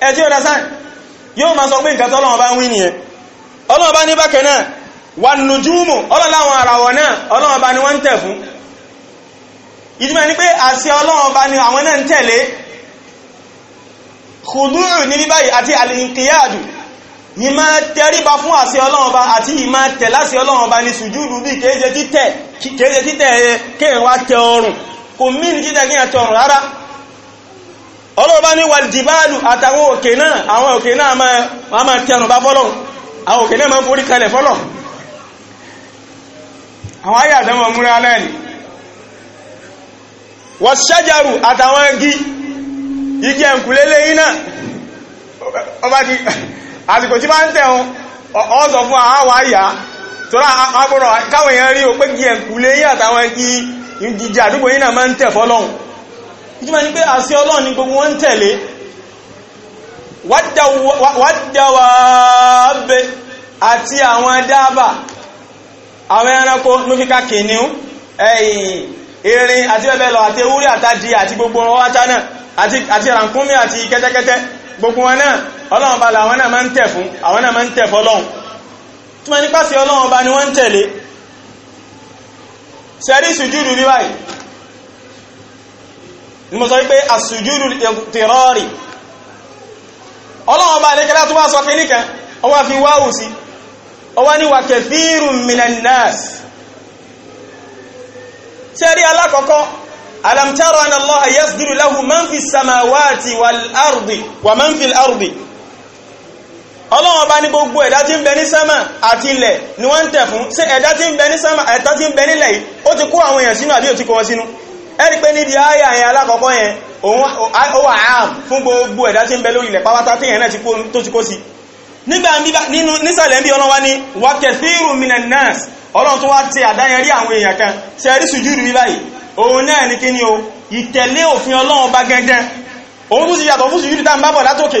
ẹ tí ó dá sáà yóò máa sọ pé nǹkan tó Ọlọ́run bá ń wí nìyẹn Ọlọ́run bá ní bákẹ́ náà wà nùjúmù ọlọ́láwọn àràwọ̀ náà Ọlọ́run bá ní wọ́n ń tẹ̀ fún ìdímẹ̀ ní pé àṣẹ Ọlọ́run bá ní àwọn náà ń tẹ̀lé kùdúrù ní bí báyìí àti àlìkìyàdù yìí máa tẹríba fún àṣẹ Ọlọ́run bá àti yìí máa kò mí ní títẹ̀ kéèyàn tẹ ọrùn rárá ọlọ́ọ̀bá ní wàlìjìbáàlù àtàwọn òkè náà àwọn òkè náà máa máa tẹnu bá fọ́lọ̀ àwọn òkè náà máa forí kalẹ̀ fọ́lọ̀ àwọn ayé àdámọ̀ múra aláìní wọ́n ṣájàrù àtàwọn igi igi ọba àsìkò tí bá ń ìjímọ̀ ní pé àṣẹ ọlọ́run ni gbogbo wọn ń tẹ̀lé wàdáwàábẹ̀ àti àwọn dáàbà àwọn ẹranko lókíká kìnìún ẹ̀yìn erin àti bẹ́ẹ̀ lọ àti ewúrẹ́ àtàdì àti gbogbo wọn wáta náà àti ràkúnmí àti kẹ́tẹ́kẹ́tẹ́ gbogbo wọn náà ọlọ́run bá làwọn náà máa ń tẹ̀ fún àwọn náà máa ń tẹ̀ fọlọ́run tí ni mo sọ wípé àsùjúdù tìrọ́rì ọlọ́wọ́ bá lékẹ́lá tó bá sọ kí níkan ó wá fi wáwù sí ó wá ní wa kathirun minan nas tẹ́rí alákọ̀ọ́kọ́ alam tara anna Allaha yasjudu lahu man fi samawati wal ardi wa man fi al-ardi ọlọ́wọ́ bá ní gbogbo ẹ̀dá tí ń bẹ ní sánmà àti ilẹ̀ ni wọ́n ń tẹ̀ fún sí ẹ̀dá tí ń bẹ ní sánmà ẹ̀dá tí ń bẹ nílẹ̀ yìí ó ti kó àwọn èèyàn sínú àbí ó ti kó wọn sínú ẹ̀rí pé níbi ayà yẹn alákọ̀ọ́kọ́ yẹn ó wà áàm fún gbogbo ẹ̀dá tí ń bẹ lórí ilẹ̀ pátá tí yẹn náà tó ti kó sí nígbà nísàlẹ̀ bí ọlọ́wà ní wa kathiru minan nas ọlọ́run tó wá ti àdáyẹrí àwọn èèyàn kan ṣe rí sùjúdù bí báyìí òun náà ní kí ni o ìtẹ̀lé òfin ọlọ́run bá gẹ́gẹ́ òun tó ti yàtọ̀ fún sùjúdù tá ń bábọ̀ látòkè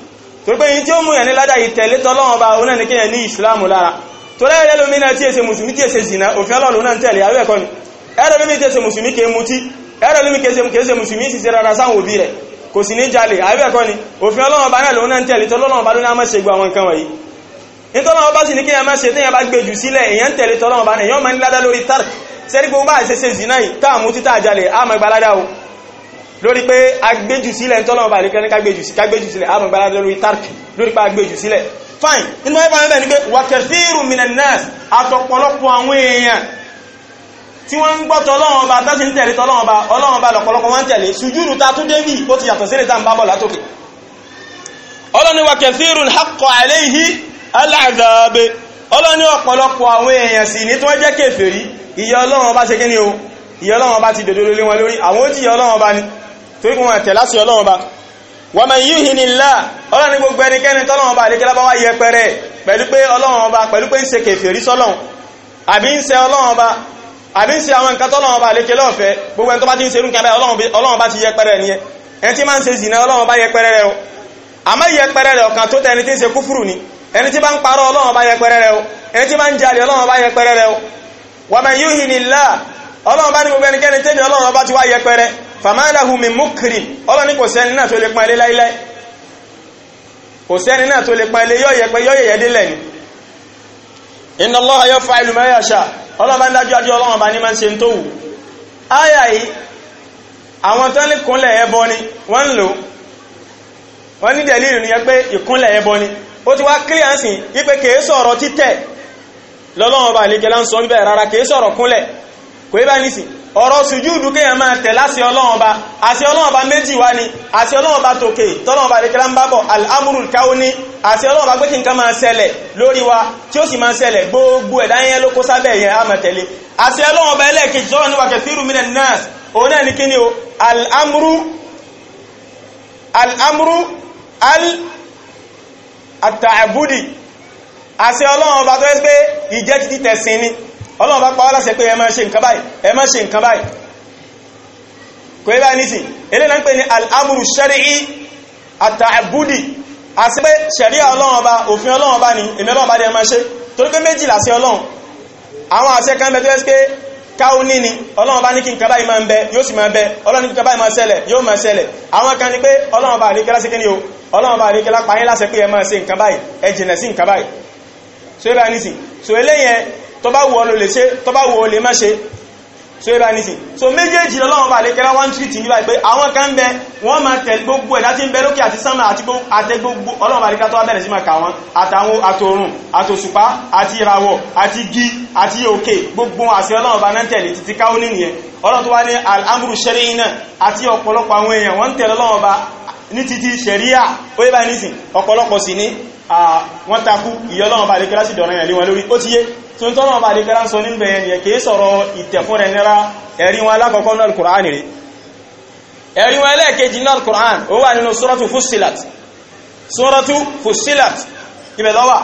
tó pé yìí tí ó mú yẹn ní ìtẹ̀lé tọ́lọ́wọ́n bá òun náà ní ní ìsìláàmù lára tó lẹ́yìn ni ẹlòmí tí èsè mùsùlùmí kì í mutí ẹlòmí kì í ṣe mùsùlùmí sì ṣe rárá sáwọn òbí rẹ̀ kò sì ní jalè àwẹ́ ẹ̀kọ́ ni òfin ọlọ́run bá náà lòun náà tẹ̀lé tọ́lọ́run bá ló náà má ṣe gbọ́ àwọn nǹkan wọ̀nyí nítorọ́wọ́ bá sì ní kí ẹ má ṣe tí ẹ bá gbé jù sílẹ̀ èyàn tẹ̀lé tọ́lọ́run bá náà èyàn má ní ládá lórí tark sẹ́rí gbogbo bá ṣe ṣe zìnà yìí táà mutí lórí pé agbéjù sílẹ̀ ń tọ́lọ̀ ọba àríkẹ́ ní kágbéjù sí kágbéjù sílẹ̀ àmọ̀ gbára lórí tàrkì lórí pé agbéjù sílẹ̀ fine nínú ẹgbà ẹgbẹ̀ ní pé wàkẹ̀sírù minanas àtọ̀pọ̀lọpọ̀ àwọn èèyàn tí wọ́n ń gbọ́ tọ́lọ́wọ́n ọba tásí ń tẹ̀lé tọ́lọ́wọ́n ọba ọlọ́wọ́n ọba lọ̀pọ̀lọpọ̀ wọ́n tẹ̀lé sùjúdù ta tún débì ó ti yàtọ̀ sílẹ̀ tá ń bábọ̀ látòkè ọlọ́ni wàkẹ̀sírù haqqo alayhi al-adhab ọlọ́ni ọ̀pọ̀lọpọ̀ àwọn èèyàn sì ní tí wọ́n jẹ́ kèfèrí ìyà ọlọ́wọ́n ọba ṣe kí ni o ìyà ọlọ́wọ́n ọba ti dòdó lé wọn lórí àwọn ó ti ìyà ọlọ́wọ́n ọba ni torí kí wọ́n tẹ̀ láti ọlọ́run ba wa man yuhinillah ọlọ́run ní gbogbo ẹnikẹ́ni tọ́lọ́run ba àlékẹ́lá bá wá yẹ pẹrẹ pẹ̀lú pé ọlọ́run ọba pẹ̀lú pé ń ṣe kèfèrí sọ́lọ́run àbí ń ṣe ọlọ́run ọba àbí ń ṣe àwọn nǹkan tọ́lọ́run ọba àlékẹ́lá ọ̀fẹ́ gbogbo ẹni tó bá ti ń ṣe irú nǹkan báyìí ọlọ́run ni ẹni tí bá ń ti wá yẹ pẹrẹ fàmáàláhù mi múkìrì ọlọ́ ní kò sẹ́ni náà tó lè pàálé láíláí kò sẹ́ni náà tó lè pàálé yọ́yẹ̀yẹ́dẹ́lẹ̀ ni inna Allaha yaf'alu ma yasha ọlọ́bá ń dájú àjọ ọlọ́wọ̀n bá ní máa ń ṣe tó wù áyà yìí àwọn tán lè kúnlẹ̀ ẹbọ ni wọ́n ń lò wọ́n ní dẹ̀lì ni ó ti wá kílíànsì yí pé kèé sọ̀rọ̀ títẹ̀ lọ́lọ́wọ̀n bá lè gẹ́lá ń sọ bẹ́ẹ̀ kò yí bá nísìn ọ̀rọ̀ sùjúdù kéèyàn máa tẹ̀ láṣẹ ọlọ́run ọba àṣẹ ọlọ́run ọba méjì wá ni àṣẹ ọlọ́run ọba tòkè tọ́lọ́run ọba àdékẹ́lá ń bábọ̀ al-amrul kauni àṣẹ ọlọ́run ọba pé kí nǹkan máa ṣẹlẹ̀ lórí wa tí ó sì máa ṣẹlẹ̀ gbogbo ẹ̀dá al-amru al-amru al-ta'budi àṣẹ ọlọ́run bá pa wá láṣẹ pé ẹ máa ṣe nǹkan báyìí ẹ máa ṣe nǹkan báyìí kò yẹ báyìí nísìn eléyìí náà ń pè ní al-amru shar'i at ṣẹ̀ríà ọlọ́run òfin ọlọ́run ni èmi ọlọ́run ọba ni ẹ máa ṣe torí pé méjì làṣẹ ọlọ́run àwọn àṣẹ kan bẹ́ẹ̀ tó yẹ ni ọlọ́run bá ní kí n kaba yìí máa ń bẹ yóò sì máa bẹ ọlọ́run ní kí n kaba yìí o ọlọ́run bá àríkẹ́lá pààyàn láṣẹ pé ẹ máa ṣe nǹkan báyìí ẹ jìnà sí nǹkan báyìí so eléyẹn tó bá wù ọ́ ló lè ṣe tó bá wù ọ́ so ibà nìsín so méjèèjì lọ́wọ́ bá lè kẹ́lá wọ́n tìrìtì níbà pé àwọn kan bẹ wọ́n máa tẹ̀ gbogbo ẹ̀dá tí ń bẹ lókè àti sánmà àti gbogbo ọlọ́wọ́ bá lè kátó wá bẹ̀rẹ̀ sí máa kà wọ́n àtàwọn àtòrùn àtòṣùpá àti ìràwọ̀ àti igi àti òkè gbogbo àṣẹ ọlọ́wọ́ bá náà tẹ̀lé títí káwọn nìyẹn ọlọ́wọ́ tó wá ní al-amru shar'i náà àti ọ̀pọ̀lọpọ̀ àwọn èèyàn ìyọ́lọ́wọ́ bá lè kẹ́lá sí dọ̀rọ̀ yẹn lórí ó ti yé tó ń tọ́nà ọba àdékẹ́rá ń sọ nígbẹ̀ yẹn yẹ kìí sọ̀rọ̀ ìtẹ̀fúnrẹ̀ nira ẹ̀rí wọn alákọ̀ọ́kọ́ náà kùránì rí ẹ̀rí wọn ẹlẹ́ẹ̀kejì náà kùrán ó wà nínú sóràtù fusilat sóràtù fusilat ibẹ̀ lọ́wà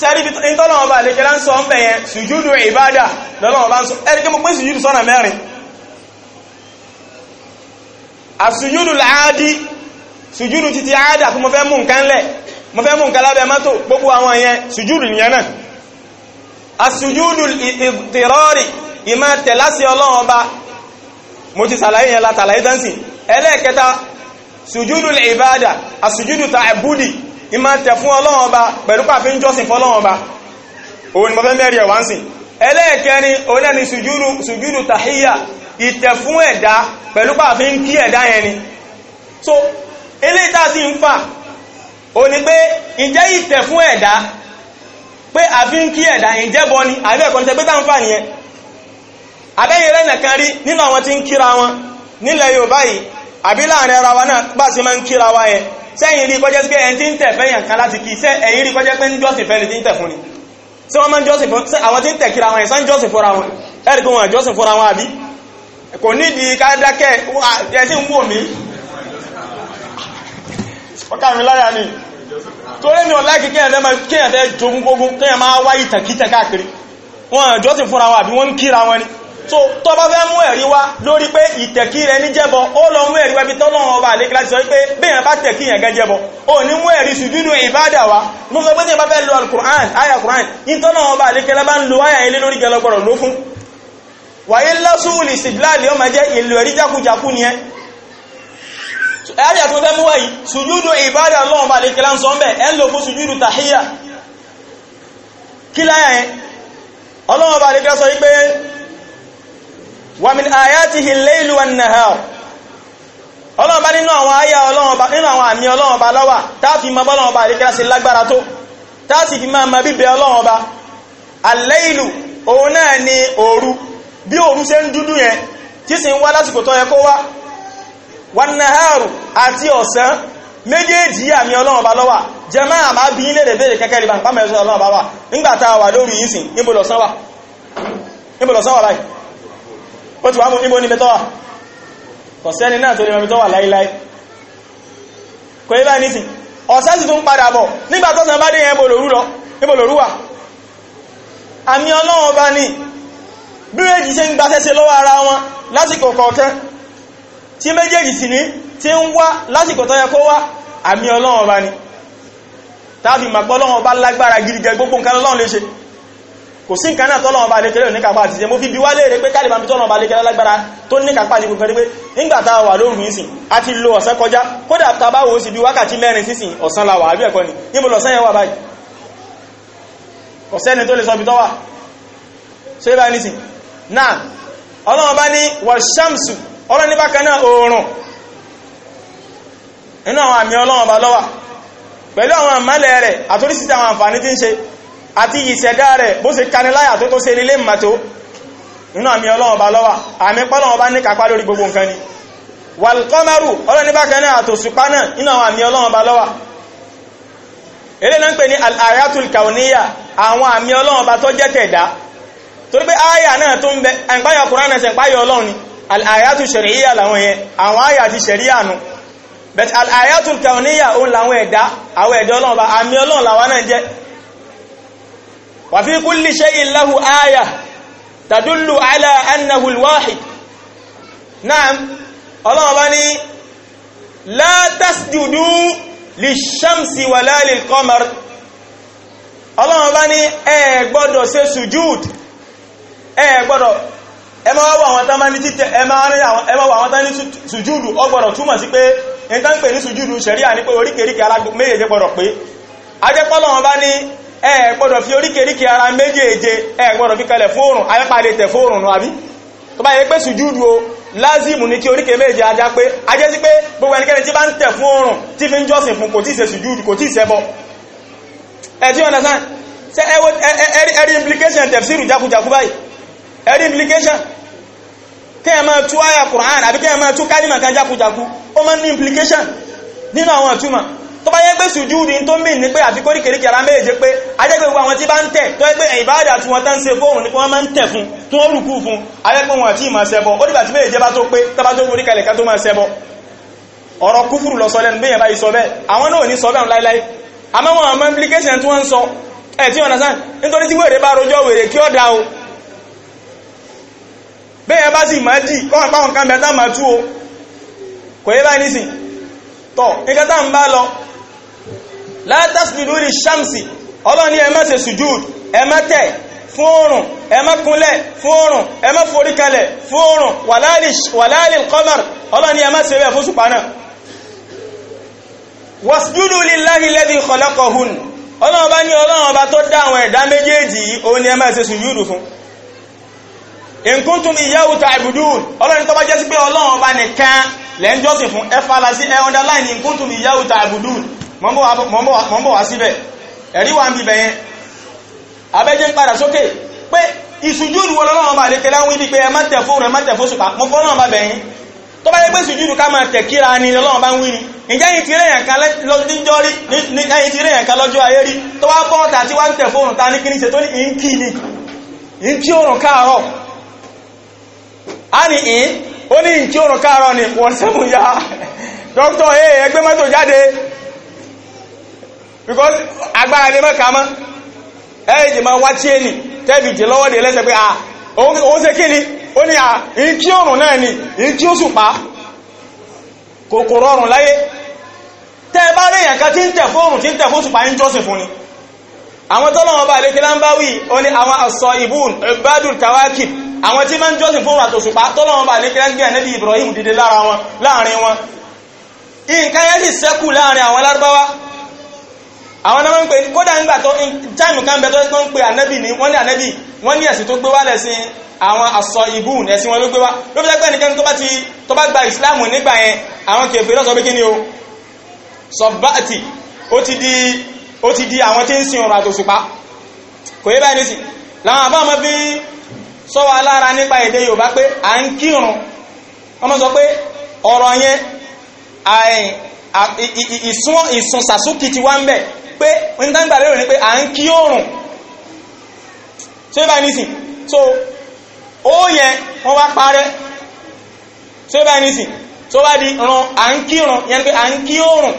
sẹ́rí tọ́nà ọba àdékẹ́rá ń sọ ń bẹ̀yẹn sùjúdù ìbádà lọ́nà ọba ń sọ ẹ̀rí kí mo pín sùjúdù sọ́nà mẹ́rin àsùjúdù làádì sùjúdù titi àádà kí mo fẹ́ mú nǹkan lẹ̀ mo fẹ́ mú nǹkan lábẹ́ mọ́tò gbogbo àwọn yẹn sùjúdù nìyẹn náà asùjúdù ìtìrọ́rì ìmá tẹ̀lásí ọlọ́run ọba mo ti sàlàyé yẹn látàlàyé dánsì ẹlẹ́ẹ̀kẹta sùjúdù ìbáadà asùjúdù ta ẹ̀búdì ìmá tẹ̀ fún ọlọ́run ọba pẹ̀lú pàfin jọ́sìn fọ́lọ́run ọba òun ni mo fẹ́ mẹ́rin ẹ̀wá ń sìn ẹlẹ́ẹ̀kẹrin òun so eléyìí tá a ni pé ìjẹ́ ìtẹ̀ pé àfi kí ẹ̀dà ìjẹ́bọ ni àbí ẹ̀kọ́ níṣẹ́ pé tá ń fà nìyẹn abẹ́yẹ rẹ̀nà kan rí nínú àwọn tí ń kíra wọn nílẹ̀ Yorùbá wa náà bá ṣe máa ń kíra wa sẹ́yìn rí pé ẹni tí ń kan láti kí sẹ́ ẹ̀yìn rí kọjá pé ń jọ́sìn fẹ́ni tí ń tẹ̀ fún ni wọ́n máa jọ́sìn fún àwọn tí ń tẹ̀ kíra wọn ni torí ní ọ̀lá kíkẹ́yàn fẹ́ jogun gógún kíyàn máa wá ìtàkítà káàkiri wọn àjọsìn fúnra wà bí wọ́n ń kíra wọn ni so tó bá fẹ́ mú ẹ̀rí wá lórí pé ìtẹ̀kí rẹ ní jẹ́bọ ó lọ mú ẹ̀rí wẹ́bí tọ́lọ́run ọba àlékí láti sọ pé bẹ́ẹ̀ bá tẹ̀kí yẹn gẹ́ jẹ́bọ ó ní mú ẹ̀rí sùjúdù ìbádà wá ló sọ pé tí bá fẹ́ lo alukur'an aya kur'an ní tọ́lọ́run ọba àlékí lá bá ń lo aya ilé lórí gẹlọgbọrọ ló fún wàyí lásùlì sìdíláàlì ọmọ jẹ́ ìlú ẹ̀rí jákujàku nìyẹn ayà tó fẹ́ mú wáyìí sùjúdù ìbádà lọ́wọ́n bá lè kí láń sọ ń bẹ̀ ẹ́ ń lò fún sùjúdù tàhíyà kí láyà ọlọ́wọ́n bá lè kí sọ wípé wà min ayatihi al-laylu wan-nahar ọlọ́wọ́n bá nínú àwọn ayà ọlọ́wọ́n bá nínú àwọn àmì ọlọ́wọ́n bá lọ́wà táàfi mọ bọ́lọ́wọ́n bá lè kí sí lágbára al-laylu òun náà ni òru bí òru ṣe ń dúdú yẹn tí sì ń wá lásìkò tó yẹ wá wanaharu àti ọ̀sán méjèèjì àmì ọlọ́run bá lọ́wà jẹmọ́ àmà bí ilé rẹ̀ bèèrè kẹ́kẹ́ ìbá pàmà lori ọlọ́run bá wà nígbàtà wà lórí ìsìn níbo lọ̀sán wà báyìí ó ti wà mú níbo níbi tọ́wà kọ̀sẹ́ni náà tó lè mọ̀ tọ́wà láíláí kò yí bá ní sìn tí méjèèjì sì ní tí ń wá lásìkò tó yẹ kó wá àmì ọlọ́run ọba ni táàfi màgbọ́ ọlọ́run ọba lágbára gidigẹ gbogbo nǹkan ọlọ́run lè ṣe kò sí nǹkan náà tọ́lọ́run ọba lékẹ́lẹ́ ò ní kápá àti ṣe mo fi bi wá léèrè pé káàlì màmí tọ́lọ́run ọba lékẹ́lẹ́ lágbára tó ní kápá àti gbogbo pé nígbà tá a wà lóru nísìn ni níbo lọ̀sán yẹn wà báyìí ọ̀sẹ́ni tó lè sọ bí tọ́wà ṣe bá nísìn náà ọlọ́run ọba ní wàṣàmsù ọlọ́run ní bákan náà oòrùn nínú àwọn àmì ọlọ́run ọba lọ́wà pẹ̀lú àwọn àmàlẹ̀ rẹ̀ àtórísítà àwọn àǹfààní tí ń ṣe àti ìṣẹ̀dá rẹ̀ bó ṣe kaniláyà tó tó ṣe nílé mọ̀tó nínú àmì ọlọ́run ọba lọ́wà àmì pọ́lọ́run ọba ní kápá lórí gbogbo nǹkan ni wàlùkọ́mẹ́rù ọlọ́run ní bákan al'ayatu shari'iyya làwọn yẹn àwọn àyà ti shari'iyya nù but al'ayatu kauniyya òun làwọn ẹ̀dá àwọn ẹ̀dá ọlọ́run bá àmì ọlọ́run làwọn náà jẹ́ wa fi kulli shay'in lahu aya tadullu ala annahu al-wahid na'am ọlọ́run bá ní la tasjudu sujúd ẹ ẹ máa wọ àwọn tán bá ní títẹ ẹ máa rí àwọn ẹ máa wọ àwọn tán ní sùjúdù ọgbọ̀rọ̀ túmọ̀ sí pé n tán pè ní sùjúdù ṣẹ̀ríà ní pé oríkèríkè ara méjèèje gbọ́dọ̀ pé ajẹ́pọ́lọ̀ wọn bá ní ẹ gbọ́dọ̀ fi oríkèríkè ara méjèèje ẹ gbọ́dọ̀ fi kalẹ̀ fóòrùn ayẹ́pàlẹ̀ tẹ̀ fóòrùn nù àbí tó bá yẹ pé sùjúdù o lázìmù ní kí oríkè ẹ̀rí implication kẹ́yà máa tú àyà Kùránì àbí kẹ́yà máa tú kálímà kan jákujàku ó máa ní implication nínú àwọn ìtumọ̀ tó bá yẹ pé sùjúdì tó ń bì ní pé àfi kóríkèríkè ara méje pé ajẹ́gbẹ́ gbogbo àwọn tí bá ń tẹ̀ tó yẹ pé ìbáàdà tí wọ́n tán ṣe fóòrùn ní pé wọ́n máa ń tẹ̀ fún tí wọ́n rùkú fún implication tí wọ́n ń sọ ẹ̀ tí wọ́n nasán nítorí tí bẹ́ẹ̀ bá sì máa dì kọ́ àpá nǹkan bẹ̀ẹ́ta máa tú o kò yẹ báyìí nísìn tọ̀ nǹkan tá ń bá lọ látàsìdúdú rí ṣàmsì ọlọ́ni ẹ má ṣe sùjúd ẹ má tẹ̀ fún oòrùn ẹ má kúnlẹ̀ fún oòrùn ẹ má forí kalẹ̀ fún oòrùn wàláàlì kọ́mọ̀r ọlọ́ni ẹ má fún nkúntùn ìyáwó ta ìbùdún ọlọ́run tó bá jẹ́ sí pé ọlọ́run bá nìkan lẹ́njọ́sìn fún ẹfàlá sí ẹ underline nkúntùn ìyáwó ta ìbùdún mọ́mbọ̀ wá síbẹ̀ ẹ̀rí wà ń bíbẹ̀ yẹn abẹ́jẹ́ ń padà sókè pé ìsùjúdù wọn lọ́wọ́ bá lékelé wí bí pé ẹ má ni lọ́wọ́ bá ń wí ni ǹjẹ́ yìí ti rẹ̀ yàn kan lọ́jọ́ rí ní ẹ̀yìn ti rẹ̀ yàn kan lọ́jọ́ ayé rí tó kí ní ṣe ni ìǹkì òrùn káàárọ̀ a ní ii ó ní ìkí òrùn káàrọ̀ ní wọ́n sẹ́mù ya dr a ẹgbẹ́ mọ́tò jáde because agbára ní mọ́ka mọ́ ẹ̀ẹ́dì máa wá tí ẹni tẹ́bì jẹ lọ́wọ́ dé lẹ́sẹ̀ pé ó ṣe kí ni ó ní ìkí òrùn náà ni ìkí ó sùpá kòkòrò ọrùn láyé tẹ́ bá rí ẹ̀ka tí ń tẹ̀ fóòrùn tí ń tẹ̀ ń jọ́sìn fún ni àwọn tọ́lọ́wọ́n bá lè kí lámbáwì ó ní àwọn àṣọ ìbádùn tàwákìtì àwọn tí máa ń jọ́sìn fún àtòṣùpá tọ́lọ́wọ́n bá ní kẹ́lẹ́gbẹ̀ níbi Ibrahim dìde lára wọn láàrin wọn nǹkan yẹn sì sẹ́kù láàrin àwọn lárúbáwá àwọn náà ń pè kódà nígbà tó táìmù kan bẹ tó ń pè ànẹ́bì ní wọ́n ní ànẹ́bì wọ́n ní ẹ̀sìn tó gbé wá lẹ́sìn àwọn àsọ ìbùn ẹ̀sìn wọn ló gbé wá ló fi jẹ́ pé ẹnikẹ́ni tó bá ti tó bá gba ìsìláàmù nígbà yẹn àwọn kèfèrí lọ́sọ̀ pé kí ni o sọ̀báàtì ó ti di ó di àwọn tí ń sin ọ̀rọ̀ àtòṣùpá kò yé báyìí nísìn làwọn àbá ọmọ bíi sọ́wọ́ alára nípa èdè Yorùbá pé à ń kírun wọ́n mọ́ sọ pé ọ̀rọ̀ yẹn ìsún sàsúkì ti wá ń bẹ̀ pé ń dáńgbà lérò ní pé à ń kí òrùn tí ó bá nísìn so ó yẹn wọ́n wá parẹ́ tí ó bá nísìn tó bá di ran à ń kí òrùn yẹn pé à ń kí òrùn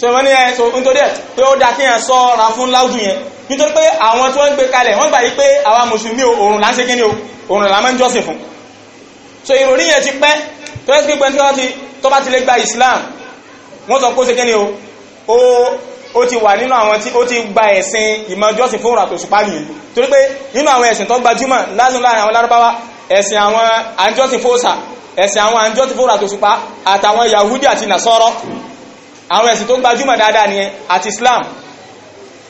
so wọ́n ní ẹ̀ so nítorí ẹ̀ pé ó dá kí yẹn sọ́ra fún láwùjú yẹn nítorí pé àwọn tí wọ́n gbé kalẹ̀ wọ́n gbà yí pé àwa mùsùlùmí òòrùn là ń ṣe kíni òòrùn ń jọ́sìn fún so ìròrí yẹn ti pẹ́ tó yẹ kí pẹ́ntì tó bá ti lè gba Islam wọ́n sọ kó ṣe kíni o ó ti wà nínú àwọn tí ó ti gba ẹ̀sìn ìmọ̀jọ́sìn fún òrùn àtòṣùpá nìyí torí pé nínú àwọn ẹ̀sìn tó gbajúmọ̀ lásùn láàrin àwọn lárúbáwá ẹ̀sìn àwọn àjọ́sìn fóòsà ẹ̀sìn àwọn àjọ́sìn fóòrùn àtòṣùpá àtàwọn Yahudi àti nìyẹn Islam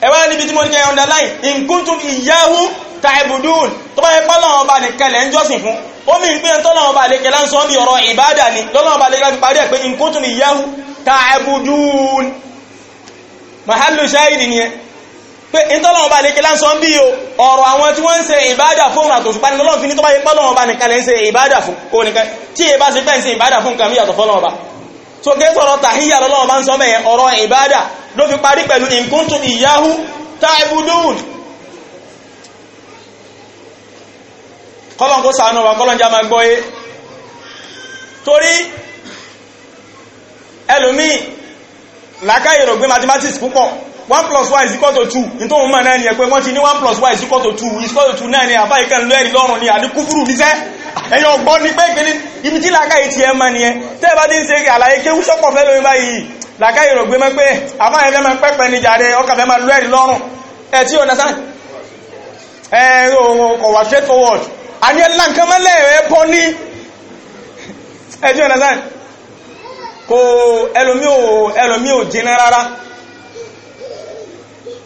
ẹwà níbi tí mo ní kẹyàn underline in kuntum iyyahu ta'budun tó bá yẹ pé Ọlọ́run ọba nìkan ń jọ́sìn fún ó mi ń pè ń tọ́lọ́run ọba àlékẹ́ láńsọ́ bí ọ̀rọ̀ ìbádà ni lọ́lọ́run ọba àlékẹ́ láti parí ẹ̀ pé in kuntum iyyahu ni ẹ pé in o ọ̀rọ̀ àwọn tí wọ́n ń ṣe ìbádà fún àtòṣùpá ni lọ́lọ́run fi ní tó bá yẹ pé Ọlọ́run so kí sọ̀rọ̀ tàhíyà lọ́lọ́wọ́ bá ń sọ mẹ́yẹn ọ̀rọ̀ ìbádà ló fi parí pẹ̀lú ìkúntùn ìyáhú táìbùdùn kọ́lọ̀n kó sàánú wa kọ́lọ̀n já ma gbọ́yé torí elumi làákàyèrò gbé mathematics púpọ̀ one plus one is equal to two ní tó ń mọ̀ náà ni ẹ pé wọ́n ti ní one plus one is equal to two is equal to two náà ni àbá ìkànnì lọrụ lọ́rùn ni àní kúkúrú níṣẹ́ ẹ̀yàn ọgbọ́n ni pé ìpínlẹ̀ ibi tí làákàyè ti ẹ̀ mọ̀ nìyẹn tẹ́ ẹ bá ti ń ṣe àlàyé kéwú sọ́pọ̀ fẹ́ lómi báyìí làákàyè rò mọ́ pé àbá yẹn fẹ́ pẹ́pẹ́ ni jàre ọkà fẹ́ lọ́rùn ẹ̀ tí ọ̀nà sáà ẹ̀ kò wá straight forward àní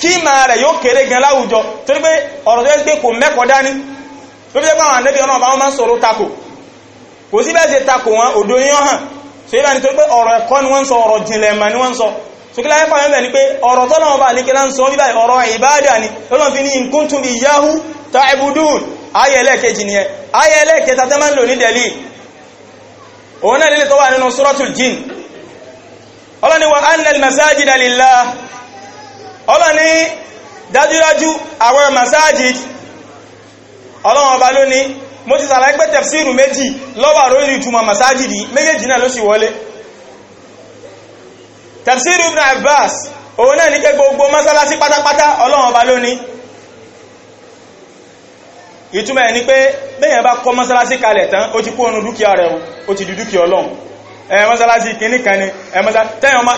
kíma rẹ̀ yóò kéré gan láwùjọ torí pé ọ̀rọ̀ tó yẹ pé kò mẹ́kọ̀ọ́ dání tó fi jẹ́ pé àwọn ànábì ọ̀nà ọba wọn máa ń sọ̀rọ̀ takò kò sí bẹ́ẹ̀ ṣe takò wọn òdo yín hàn so yíba nítorí pé ọ̀rọ̀ ẹ̀kọ́ ni wọ́n sọ ọ̀rọ̀ jìnlẹ̀ mà ni wọ́n sọ sókèlá ẹ̀fà mẹ́bẹ̀ ni pé ọ̀rọ̀ tọ́lọ̀ ọba àlékelá ń sọ bíbá ọ̀rọ̀ ìbáàdà ni lọ́nà fi ní in kuntum iyyahu ta'budun ayé ẹlẹ́ẹ̀kejì ni ẹ ayé ẹlẹ́ẹ̀kẹta tẹ́ máa ń lò ní dẹ̀lí òun náà lílẹ̀ tó wà nínú suratul jin ọlọ́ni wa annal masajida lillah ọlọ́run ní dájúdájú àwọn masajid ọlọ́run ọba ló ní mo ti sàlàyé pé tẹ̀fsíìrù méjì lọ́wọ́ lórí ìtumọ̀ masajid méjèèjì náà ló sì wọlé tẹ̀fsíìrù ibn abbas òun náà ní pé gbogbo mọ́sálásí pátápátá ọlọ́run ọba ló ní ìtumọ̀ ẹ̀ ni pé bẹ́yàn bá kọ́ mọ́sálásí kalẹ̀ tán ó ti kó ọnù dúkìá rẹ̀ ó ti di dúkìá ọlọ́run ni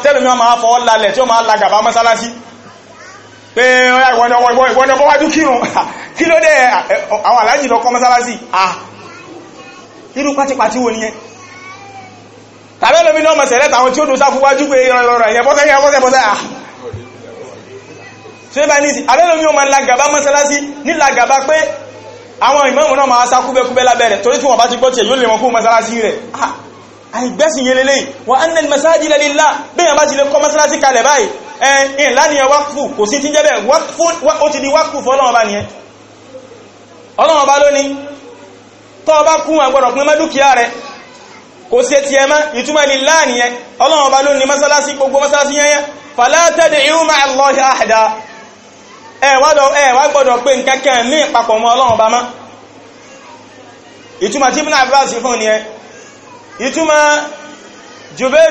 tẹ́lùmí ọmọ afọ́ lalẹ̀ tí ó pé ìwọ̀nà ọkọ̀ wájú kírun kí ló dé àwọn aláàjì lọ kọ́ mọ́sálásí à irú pátipàtí wo nìyẹn tàbí ẹlòmí náà mọ̀ sẹ̀lẹ́ta àwọn tí ó dòsá fúwájú pé ìrọ̀rọ̀ ìyẹn bọ́sẹ̀ yẹn bọ́sẹ̀ bọ́sẹ̀ à tí ó bá ní sí abẹ́lòmí ọmọ lagàbá mọ́sálásí ní lagàbá pé àwọn ìmáàmù náà máa sá kúbẹ́kúbẹ́ lábẹ́rẹ̀ torí tí wọ́n bá ti gbọ́ tiẹ̀ yóò lè wọn kú mọ́sálásí rẹ̀ àìgbẹ́sìn yẹlẹ́lẹ́yìn wọ́n á nẹ́ mọ́sálásí lẹ́lẹ́lá bẹ́ẹ̀ bá ti lè kọ́ mọ́sálásí kalẹ̀ báyìí ẹ̀ lánìyàn wákùfù kò sí ti jẹ́ bẹ́ẹ̀ ó ti di wákùfù ọlọ́wọ́n bá nìyẹn ọlọ́wọ́n bá lóní tọ́ bá kún àgbọ̀dọ̀ pín mọ́ dúkìá rẹ̀ kò sí ti ẹmọ́ ìtumọ̀ ní láàníyẹn ọlọ́wọ́n bá lóní mọ́sálásí gbogbo mọ́sálásí yẹn fala tad'u ma'a Allahi ahada ẹ̀wà gbọ́dọ̀ pé nkẹ́kẹ́ ní ìpapọ̀ ni ẹ ìtumọ̀ Jubair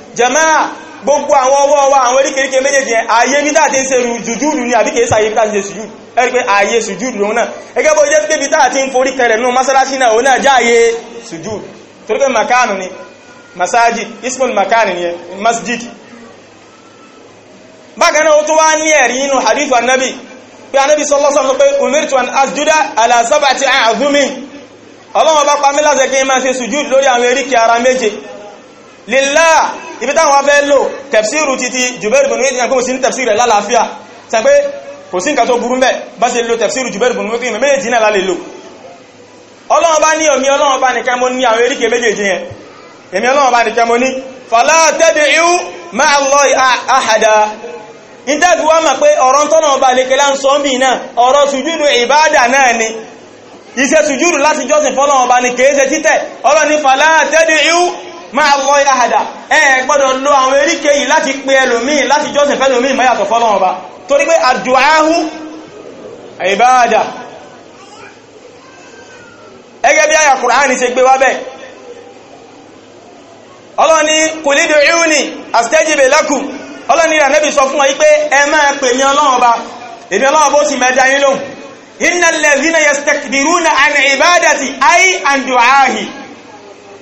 jàmáà gbogbo àwọn ọwọ́ wa àwọn eríkèríkè méjèèjì ààyè bí dáàtí ń ṣe sùjúdù ní àbíkè sáyé bí dáàtí ń ṣe sùjúdù ẹ̀rí pé ààyè sùjúdù lòun náà ẹgẹ́ bó jẹ́ pé bí dáàtí ń forí kẹrẹ̀ nínú mọ́sálásí náà òun náà já ààyè sùjúdù torí pé makanu ni masajid ismul makani ni masjid bákan náà ó tún wá ní ẹ̀rí nínú hadith anabi pé anabi sallallahu alaihi pé umirtu an asjuda ala sab'ati a'dhumin ọlọ́wọ́ bá pa mí máa ṣe sùjúdù lórí àwọn eríkè ara méje lillah ibi táwọn afẹ́ lò tẹ̀fsíìrù títí Jubair bin Mut'im kó sí ní tẹ̀fsíìrù rẹ̀ lálàáfíà sàpé kò sí nǹkan tó burú mẹ́ bá ṣe lo tẹ̀fsíìrù Jubair bin Mut'im méjèèjì náà lálẹ́ lò ọlọ́run bá ní omi ọlọ́run bá nìkan mo ní àwọn eríkè méjèèjì yẹn èmi ọlọ́run bá nìkan mo ní fàlá tẹ́bẹ̀ ihu máa lọ àhàdà ìtẹ́bí wá mọ̀ pé ọ̀rọ̀ tọ́nà ọba àlekèlá ń sọ mí náà ọ̀rọ̀ sùjúdù ìbádà náà ni iṣẹ́ sùjúdù láti jọ́sìn fọ́lọ́run ọba ní kèése títẹ̀ ọlọ́run fàlá tẹ́bẹ̀ máa lọ ìhàdà ẹ gbọ́dọ̀ lọ àwọn eríkẹ́ yìí láti pè ẹlòmíì láti jọ́sìn fẹ́lòmíì máyàtọ̀ fọ́lọ́wọ́n bá torí pé àdùáhù ìbáadà ẹgẹ́ bí àyà Kùránì ṣe gbé wábẹ̀ ọlọ́ni kùlídò ìrúnì àstẹ́jìbè lẹ́kù ni ìrànẹ́bì sọ fún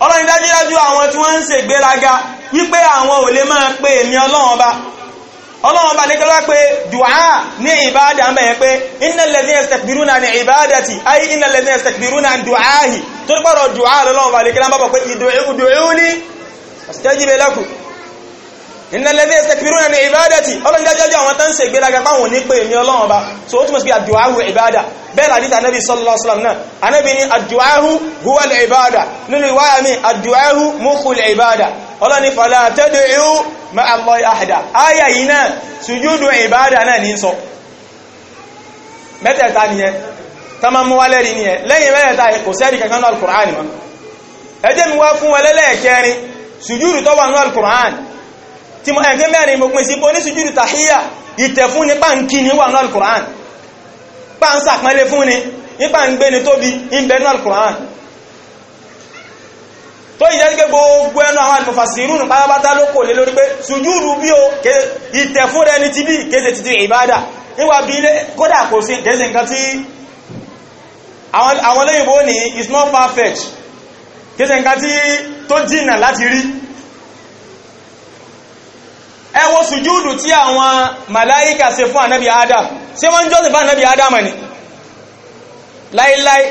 ọlọ́run dájúdájú àwọn tí wọ́n ń ṣe ìgbéraga wípé àwọn ò lè máa pe èmi ọlọ́run ọba ọlọ́run ọba lékelá pé dùá ní ìbáàdà ń bẹ̀yẹn pé innal ladhina yastakbiruna ní ìbáàdàtì ayé innal ladhina yastakbiruna dùáhì tó gbọ́dọ̀ dùá lọ́lọ́run ọba lékelá ìnàlẹ́dẹ́ ẹsẹ̀kìrún ẹni ìbádẹ́tì ọlọ́ndájọ́jọ́ àwọn tán ṣe gbéraga páwọn ní pé èmi ọlọ́run ọba so ó túnmọ̀ sí àdùáhù ìbádà bẹ́ẹ̀ àdíta anábì sọ́lọ́sọ́lọ́m náà anábì ní àdùáhù huwalẹ̀ ìbádà nínú ìwáyà mi àdùáhù múkulẹ̀ ìbádà ọlọ́ni fàlà tẹ́dù ihu ma àlọ́ àhàdà áyà yìí náà sùjúdù ìbádà náà ní sọ mẹ́tẹ̀ẹ̀ta nìyẹn tọ́mọ mú wálẹ̀ rí nìyẹn lẹ́yìn mẹ́tẹ̀ẹ̀ta kò sẹ́ẹ̀rì kankan náà alkùrán ni mọ́ ẹ tó wà ní alkùrán tí mo ẹ̀gbẹ́ mẹ́rin mo pín sí bó ní sùjúdù tàhíyà ìtẹ̀fún ní pàǹkì ní wà náà alkùnrán pàǹsà pẹ́lẹ̀ fún ni nípa ń gbé ni tóbi ń bẹ náà alkùnrán tó ìjẹ́ pé gbogbo ẹnu àwọn alìmọ̀fàsírùn pátápátá ló kò lé lórí pé sùjúdù bí o ìtẹ̀fún rẹ ní ti bí kése titi ìbádà níwà bí ilé kódà kò sí kése nǹkan tí àwọn olóyìnbó ní is not perfect kése nǹkan tí tó jìnnà láti rí ẹ wo sùjúdù tí àwọn màláíkà ṣe fún ànábì adam ṣe wọ́n jọ́sìn fún ànábì adam ni láíláí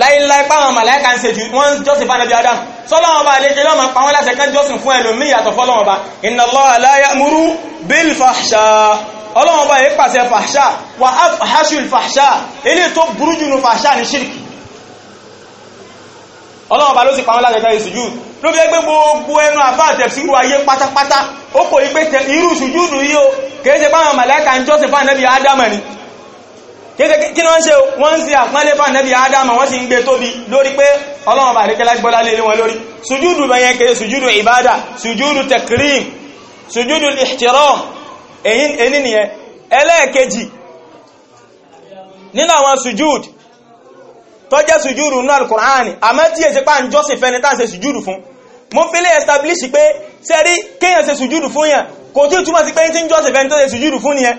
láíláí páwọn màláíkà ń ṣe jù wọ́n jọ́sìn fún ànábì adam sọ́lọ́wọ́n bá lè jẹ́lọ́mà pàwọn láti ẹ̀kẹ́ jọ́sìn fún ẹlòmí yàtọ̀ fọ́lọ́wọ́n bá inna Allaha la ya'muru bil fahsha ọlọ́wọ́n bá yẹ pàṣẹ fahsha wà afhashul fahsha ilé tó burú jù nù fahsha ní ṣírkì ọlọ́wọ́n bá ló sì pàwọn láti ẹ̀kẹ́ ìsùjúdù ló fi ẹgbẹ́ gbogbo ẹnu àfá àtẹ̀síru ayé pátápátá ó kò yí pé irú sùjúdù yíó kìí ṣe báwọn màláíkà ń jọ́sìn fún ànábì ádámà ni kí ni wọ́n ṣe wọ́n ń ṣe àpọ́nlé fún ànábì ádámà wọ́n sì ń gbé tóbi lórí pé ọlọ́run bá àríkẹ́ láti bọ́lá lé wọn lórí sùjúdù bẹ̀yẹn kìí sùjúdù ìbádà sùjúdù tẹkírìm sùjúdù ìhtìrọ́m èyí nìyẹn ẹlẹ́ẹ̀kejì nínú fẹ́ni tá à ń fún mo fi lè establish pé sẹ́rí kéèyàn ṣe sùjúdù fún yàn kò tí túmọ̀ sí pé tí ń jọ́sẹ̀ fẹ́ tó ṣe sùjúdù fún nìyẹn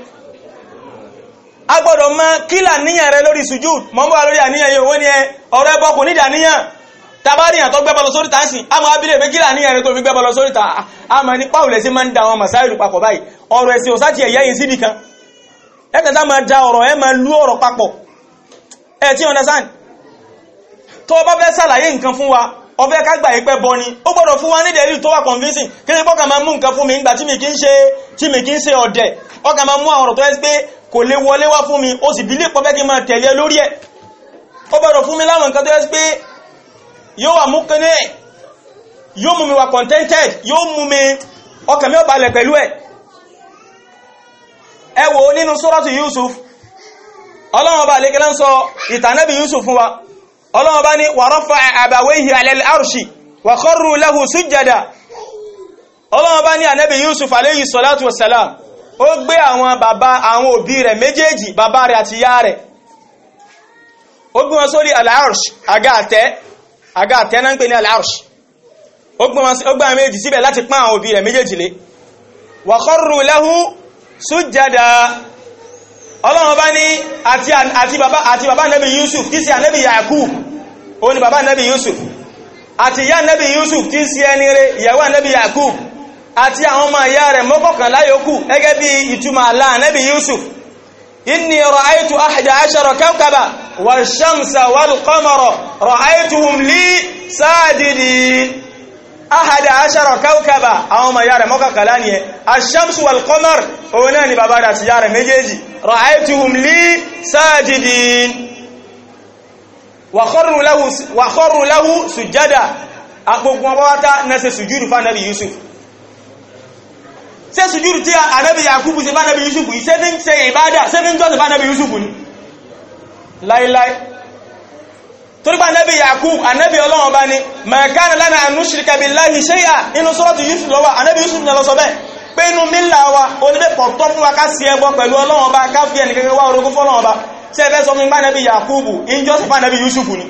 a gbọ́dọ̀ mọ̀ kí làníyàn rẹ lórí sùjúdù mọ́ bọ́ lórí àníyàn yìí wọ́n ni ẹ ọ̀rọ̀ ẹbọ kò nídìí àníyàn tabariyan tó gbẹ́bọ lọ sórí ta ń sìn àmọ́ abílẹ̀ pé kí làníyàn rẹ tó fi gbẹ́bọ lọ sórí ta àmọ́ ní pàwùlẹ̀ sí máa ń da àwọn màsáìlú papọ̀ báyìí ọ̀rọ̀ ẹ̀sìn ò sáti ẹ̀yẹ́ yìí síbi kan ẹ kẹta máa da ọ̀rọ̀ ẹ máa lú ọ̀rọ̀ papọ̀ ẹ ti understand tó o bá fẹ́ sàlàyé nǹkan fún wa ọfẹ́ kágbà yìí pẹ́ bọ ni ó gbọ́dọ̀ fún wa ní dẹ̀lú tó wà convincing kí ni bọ́kà máa mú nǹkan fún mi nígbà tí mi kì í ṣe tí mi kì í ṣe ọ̀dẹ̀ ọkà máa mú àwọn ọ̀rọ̀ tó ẹ́ pé kò lè wọlé wá fún mi ó sì bí lè pọ́fẹ́ kí n máa tẹ̀lé lórí ẹ̀ ó gbọ́dọ̀ fún mi láwọn nǹkan tó ẹ́ pé yóò wà mú kíní ẹ̀ yóò mú mi wà contented yóò mú mi ọkàn mi ò balẹ̀ pẹ̀lú ẹ̀ ẹ wò nínú suratu Yusuf ọlọ́run ọba àlekẹ́lẹ́ ń sọ ìtànẹ́bì Yusuf fún wa ọlọ́wọ́ bá ní wàrọ́fà àbàwéhì alẹ́lẹ́ arṣì wàkọ́rù lẹ́hù sújàdà ọlọ́wọ́ bá ní ànábì yusuf aléyìí sọ́látù wasalam ó gbé àwọn bàbá àwọn òbí rẹ̀ méjèèjì bàbá rẹ̀ àti yá rẹ̀ ó gbé wọn sórí alárṣì àga àtẹ́ àga àtẹ́ náà ń pè ní alárṣì ó gbé àwọn méjèèjì síbẹ̀ láti pán àwọn òbí rẹ̀ méjèèjì lé bá ní àti bàbá àti yusuf kìí sí ànábì yakub ó ní bàbá nẹ́bí Yusuf àti ìyá nẹ́bí Yusuf tí sí ẹni rẹ̀ ìyàwó nẹ́bí Yakub àti àwọn ọmọ ìyá rẹ̀ mọ́kànlá yòókù gẹ́gẹ́ bí ìtumọ̀ àlá nẹ́bí Yusuf inni ra'aytu ahada ashara kawkaba wal shamsa wal qamara ra'aytuhum li sajidin ahada ashara kawkaba àwọn ọmọ ìyá rẹ̀ mọ́kànlá ni ẹ ash-shamsu wal qamar òun ni bàbá rẹ̀ àti ìyá rẹ̀ ra'aytuhum li sajidin wàkọ́rù láwú sùjádà agbogbo ọbọ̀wátá na ṣe sùjúdù fún anábi yusuf ṣe sùjúdù tí anábi yakubu ṣe fún anábi yusuf yìí ṣe fi ń ṣe ìbádà ṣe fi ń jọ́sẹ̀ fún anábi yusuf ní láíláí torí bá anábi yakubu anábi ọlọ́wọ́ bá ní mẹ́kánà lánàá anúṣìríkà billahi shay'a inú sọ́ọ̀tù yusuf lọ́wọ́ anábi yusuf ní ọlọ́sọ bẹ́ẹ̀ pé inú mílà wa oníbẹ̀ pọ̀tọ́ fún wa ṣé ẹ fẹ́ sọ fún pánẹ́bí yakubu injọ́sìn pánẹ́bí yusufu ni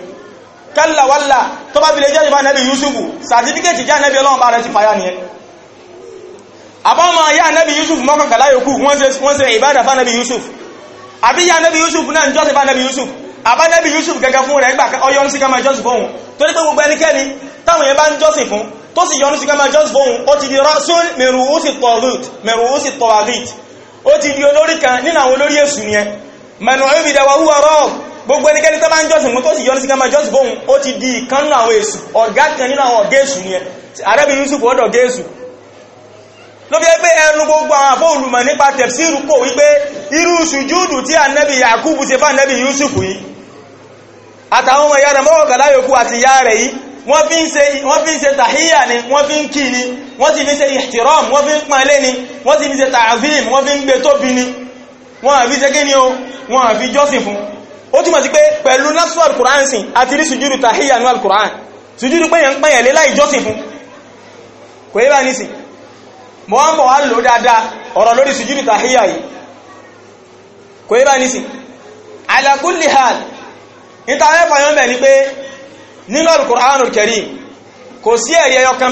kalla walla tó bá bilẹ̀ jọ́sìn pánẹ́bí yusufu sàtífíkẹ́tì jẹ́ ànẹ́bí ọlọ́run bá rẹ̀ ti fàyà nìyẹn àbọ́mọ ayé ànẹ́bí yusuf mọ́kànlá yòókù wọ́n ṣe ìbádà fánẹ́bí yusuf àbí táwọn yẹn ń jọ́sìn fún tó sì yọ́nú sí kama jọ́sìn fóhun ó ti di rasul mẹ̀rùwúsì tọ̀wàvít ó ti di olórí kan nínú àwọn olórí èṣù nìyẹn man umida wa huwa rab gbogbo ẹnikẹ́ni tó bá ń jọ́sìn mú tó sì ọ sí kama jọ́sìn bóhun ó ti di ìkánú àwọn èsù ọ̀gá kan nínú àwọn ọ̀gẹ́sù ni ẹ arẹ́bìnrin Yusuf ọ̀dọ̀ gẹ́sù ló bí pé ẹnu gbogbo àwọn àfóòlùmọ̀ nípa tẹ̀fsíìrù kò wípé irú sùjúdù tí Yakubu ṣe fún Yusuf yìí àtàwọn ọmọ ìyá rẹ̀ yòókù àti ìyá rẹ̀ yìí wọ́n fi ń ṣe tàhíyà ni wọ́n fi ń kí ni wọ́n ti fi ṣe wọ́n wọ́n àfi jẹ́ ni o wọ́n àfi jọ́sìn fún ó túnmọ̀ sí pé pẹ̀lú násù alkùrán sìn àti rí sùjúrù tàhíyà ní alkùrán sùjúrù pé yẹn ń pẹ̀yẹ̀ lé láì jọ́sìn fún kò yẹ́ bá ní sìn mọ́ wọ́n bọ̀ wá lò dáadáa ọ̀rọ̀ lórí sùjúrù tàhíyà yìí kò yẹ́ bá ní sìn ala kulli hal níta ẹ̀ fọyọ́ bẹ̀ ni pé nínú alkùrán kẹrì kò sí ẹ̀rí ẹyọ kan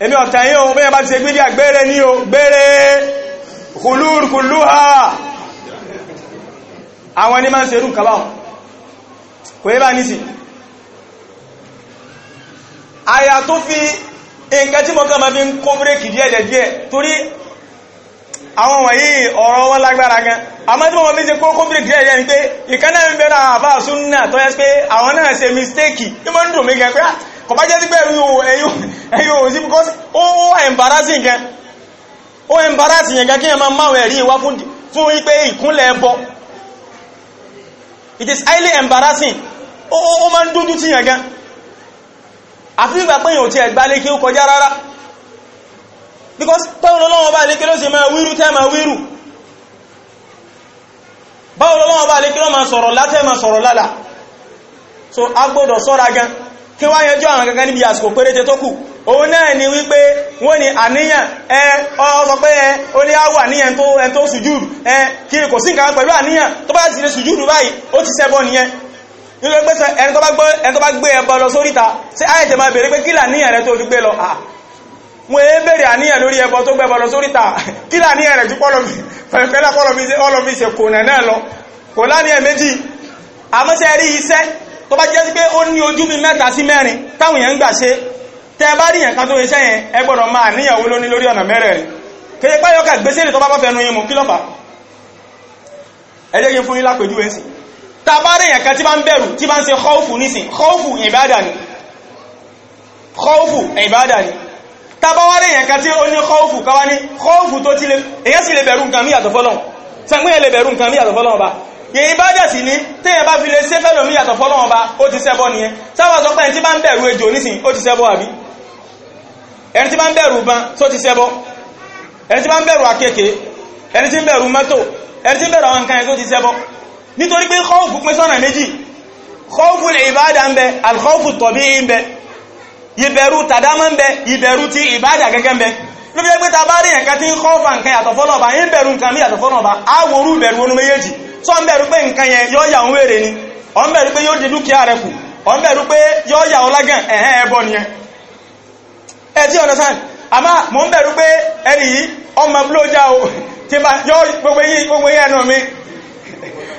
èmi ọ̀tà yíò bẹ́yẹ bá ti ṣe gbé díà gbére ní o gbére kùlúrkùlúhà àwọn ẹni máa ń serú kàbáwọn kò yẹ bá àyà tó fi nǹkan tí mọ́kàn fi ń kó bírèkì díẹ̀ torí àwọn wọ̀nyí ọ̀rọ̀ wọn lágbára gan àmọ́ tí wọ́n fi ṣe kókó bírèkì díẹ̀ kọba bá jẹ́ sí pé ẹ̀yìn òun sí because ó embarrassing gan ó embarrassing yẹn gan kí ẹ máa máa ẹ̀rí wá fún wípé ìkúnlẹ̀ ẹbọ it is highly embarrassing ó máa ń dúdú tí yẹn gan àfi pé yẹn ò ti ẹ̀gbá lé kí ó kọjá because so a gbọ́dọ̀ kí wá yanjú àwọn kankan níbi àsìkò péréte tó kù òun náà ni wípé wọ́n ni àníyàn ẹ ọ̀sọ̀ pé ẹ ó ní àwọ̀ àníyàn tó sùjúdù ẹ kí kò sí nǹkan pẹ̀lú àníyàn tó bá ti lè sùjúdù báyìí ó ti ṣẹbọ nìyẹn nílò pé ẹni tó bá gbé ẹbọ lọ sóríta sí ayẹ̀tẹ̀ máa bèèrè pé kí làníyàn rẹ tó fi gbé lọ wọ́n é bèèrè àníyàn lórí ẹbọ tó bá jẹ́ sí pé ó ní ojú bí mẹ́ta sí mẹ́rin táwọn èèyàn ń gbà ṣe tẹ́ bá rí yẹn kan tó iṣẹ́ yẹn ẹ gbọ́dọ̀ máa níyàwó lóní lórí ọ̀nà mẹ́rẹ̀ẹ̀rin kéde páyọ́kà gbèsè rè tó bá bá fẹnu yín mu kí lọ́pàá ẹ jẹ́ kí n fún yín lápèjúwe sí tá a bá rí yẹn kan tí bá ń bẹ̀rù tí bá ń ṣe khawfu nísìn khawfu ìbádà ni khawfu ìbádà ni tá a bá wá rí yẹn tí ó ní khawfu káwá ní khawfu tó ti lè èyàn sì lè bẹ̀rù nǹkan mí yàtọ̀ yìí bá dẹ̀ sí ní téèyàn bá fi lè ṣe fẹ́ lómi yàtọ̀ fọ́lọ́wọ́n bá ó ti ṣẹbọ nìyẹn sáwọn sọ pé ẹni tí bá ń bẹ̀rù ejò nísìn ó ti ṣẹbọ àbí ẹni tí bá ń bẹ̀rù ban tó ti ṣẹbọ ẹni tí bá ń bẹ̀rù àkekè ẹni tí ń bẹ̀rù mọ́tò ẹni tí ń bẹ̀rù àwọn nǹkan yẹn tó ti ṣẹbọ nítorí pé kọ́ọ̀fù pín sọ́nà méjì kọ́ọ̀fù ìbáàdà ń bẹ alkọ́ọ̀fù tọ̀bí ń bẹ ìbẹ̀rù tàdámọ́ ń bẹ ìbẹ̀rù ti ìbáàdà gẹ́gẹ́ ń bẹ ló fi bá rí nǹkan tí ń kọ́ọ̀fà nǹkan yàtọ̀ fọ́lọ́ọ̀bá ń bẹ̀rù nǹkan mí yàtọ̀ fọ́lọ́ọ̀bá á worú ìbẹ̀rù onú tó ń bẹ̀rù pé nǹkan yẹn yọ́ ya ń wèrè ni ọ ń bẹ̀rù pé yóò di dúkìá ọ ń bẹ̀rù pé ya nìyẹn ẹ ọ̀nà sáà mò ń bẹ̀rù pé yìí ọmọ o tí gbogbo yìí gbogbo yìí ẹnu mi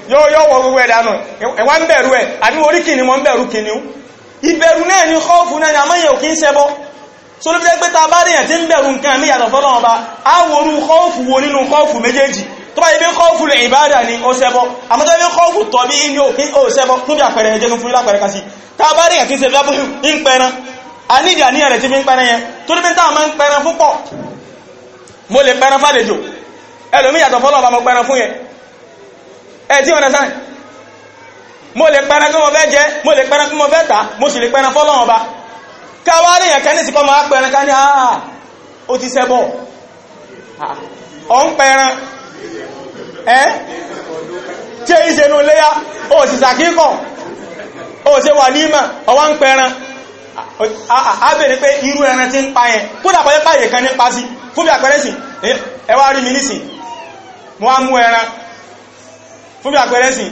wọ gbogbo nù ń bẹ̀rù orí mò ń bẹ̀rù ìbẹ̀rù náà ni kọ́ọ̀fù náà ni pé bá ẹ̀ ń bẹ̀rù tó bá yẹ bí kọ́ọ̀fù lè ìbáàdà ni ó ṣẹbọ àmọ́ tó yẹ bí kọ́ọ̀fù tọ́ bí inú ó ṣẹbọ fún bí àpẹẹrẹ ẹjẹ́ fún lápẹẹrẹ kásí tá a bá rí ẹ̀kí ṣe lábúrú ń pẹran a ní ìdí àníyàn rẹ̀ ti fi ń pẹran yẹn tó ní tá a máa ń pẹran púpọ̀ mo lè pẹran fàlejò ẹlòmí yàtọ̀ fọ́lọ́ bá mo pẹran fún yẹn ẹ tí wọn sáà mo lè pẹran kí mo fẹ́ jẹ mo lè pẹran kí mo fẹ́ ẹ́ tí èyí ṣe inú léyá ó sì sàkíkọ̀ ó ṣe wà ní ìmọ̀ ọwá ń pẹran bèèrè pé irú ẹran tí ń pa yẹn kó dàpọ̀ páyè kan ní sí fún bí àpẹẹrẹ sí rí mi nísìn mo wá mú ẹran fún bí àpẹẹrẹ sí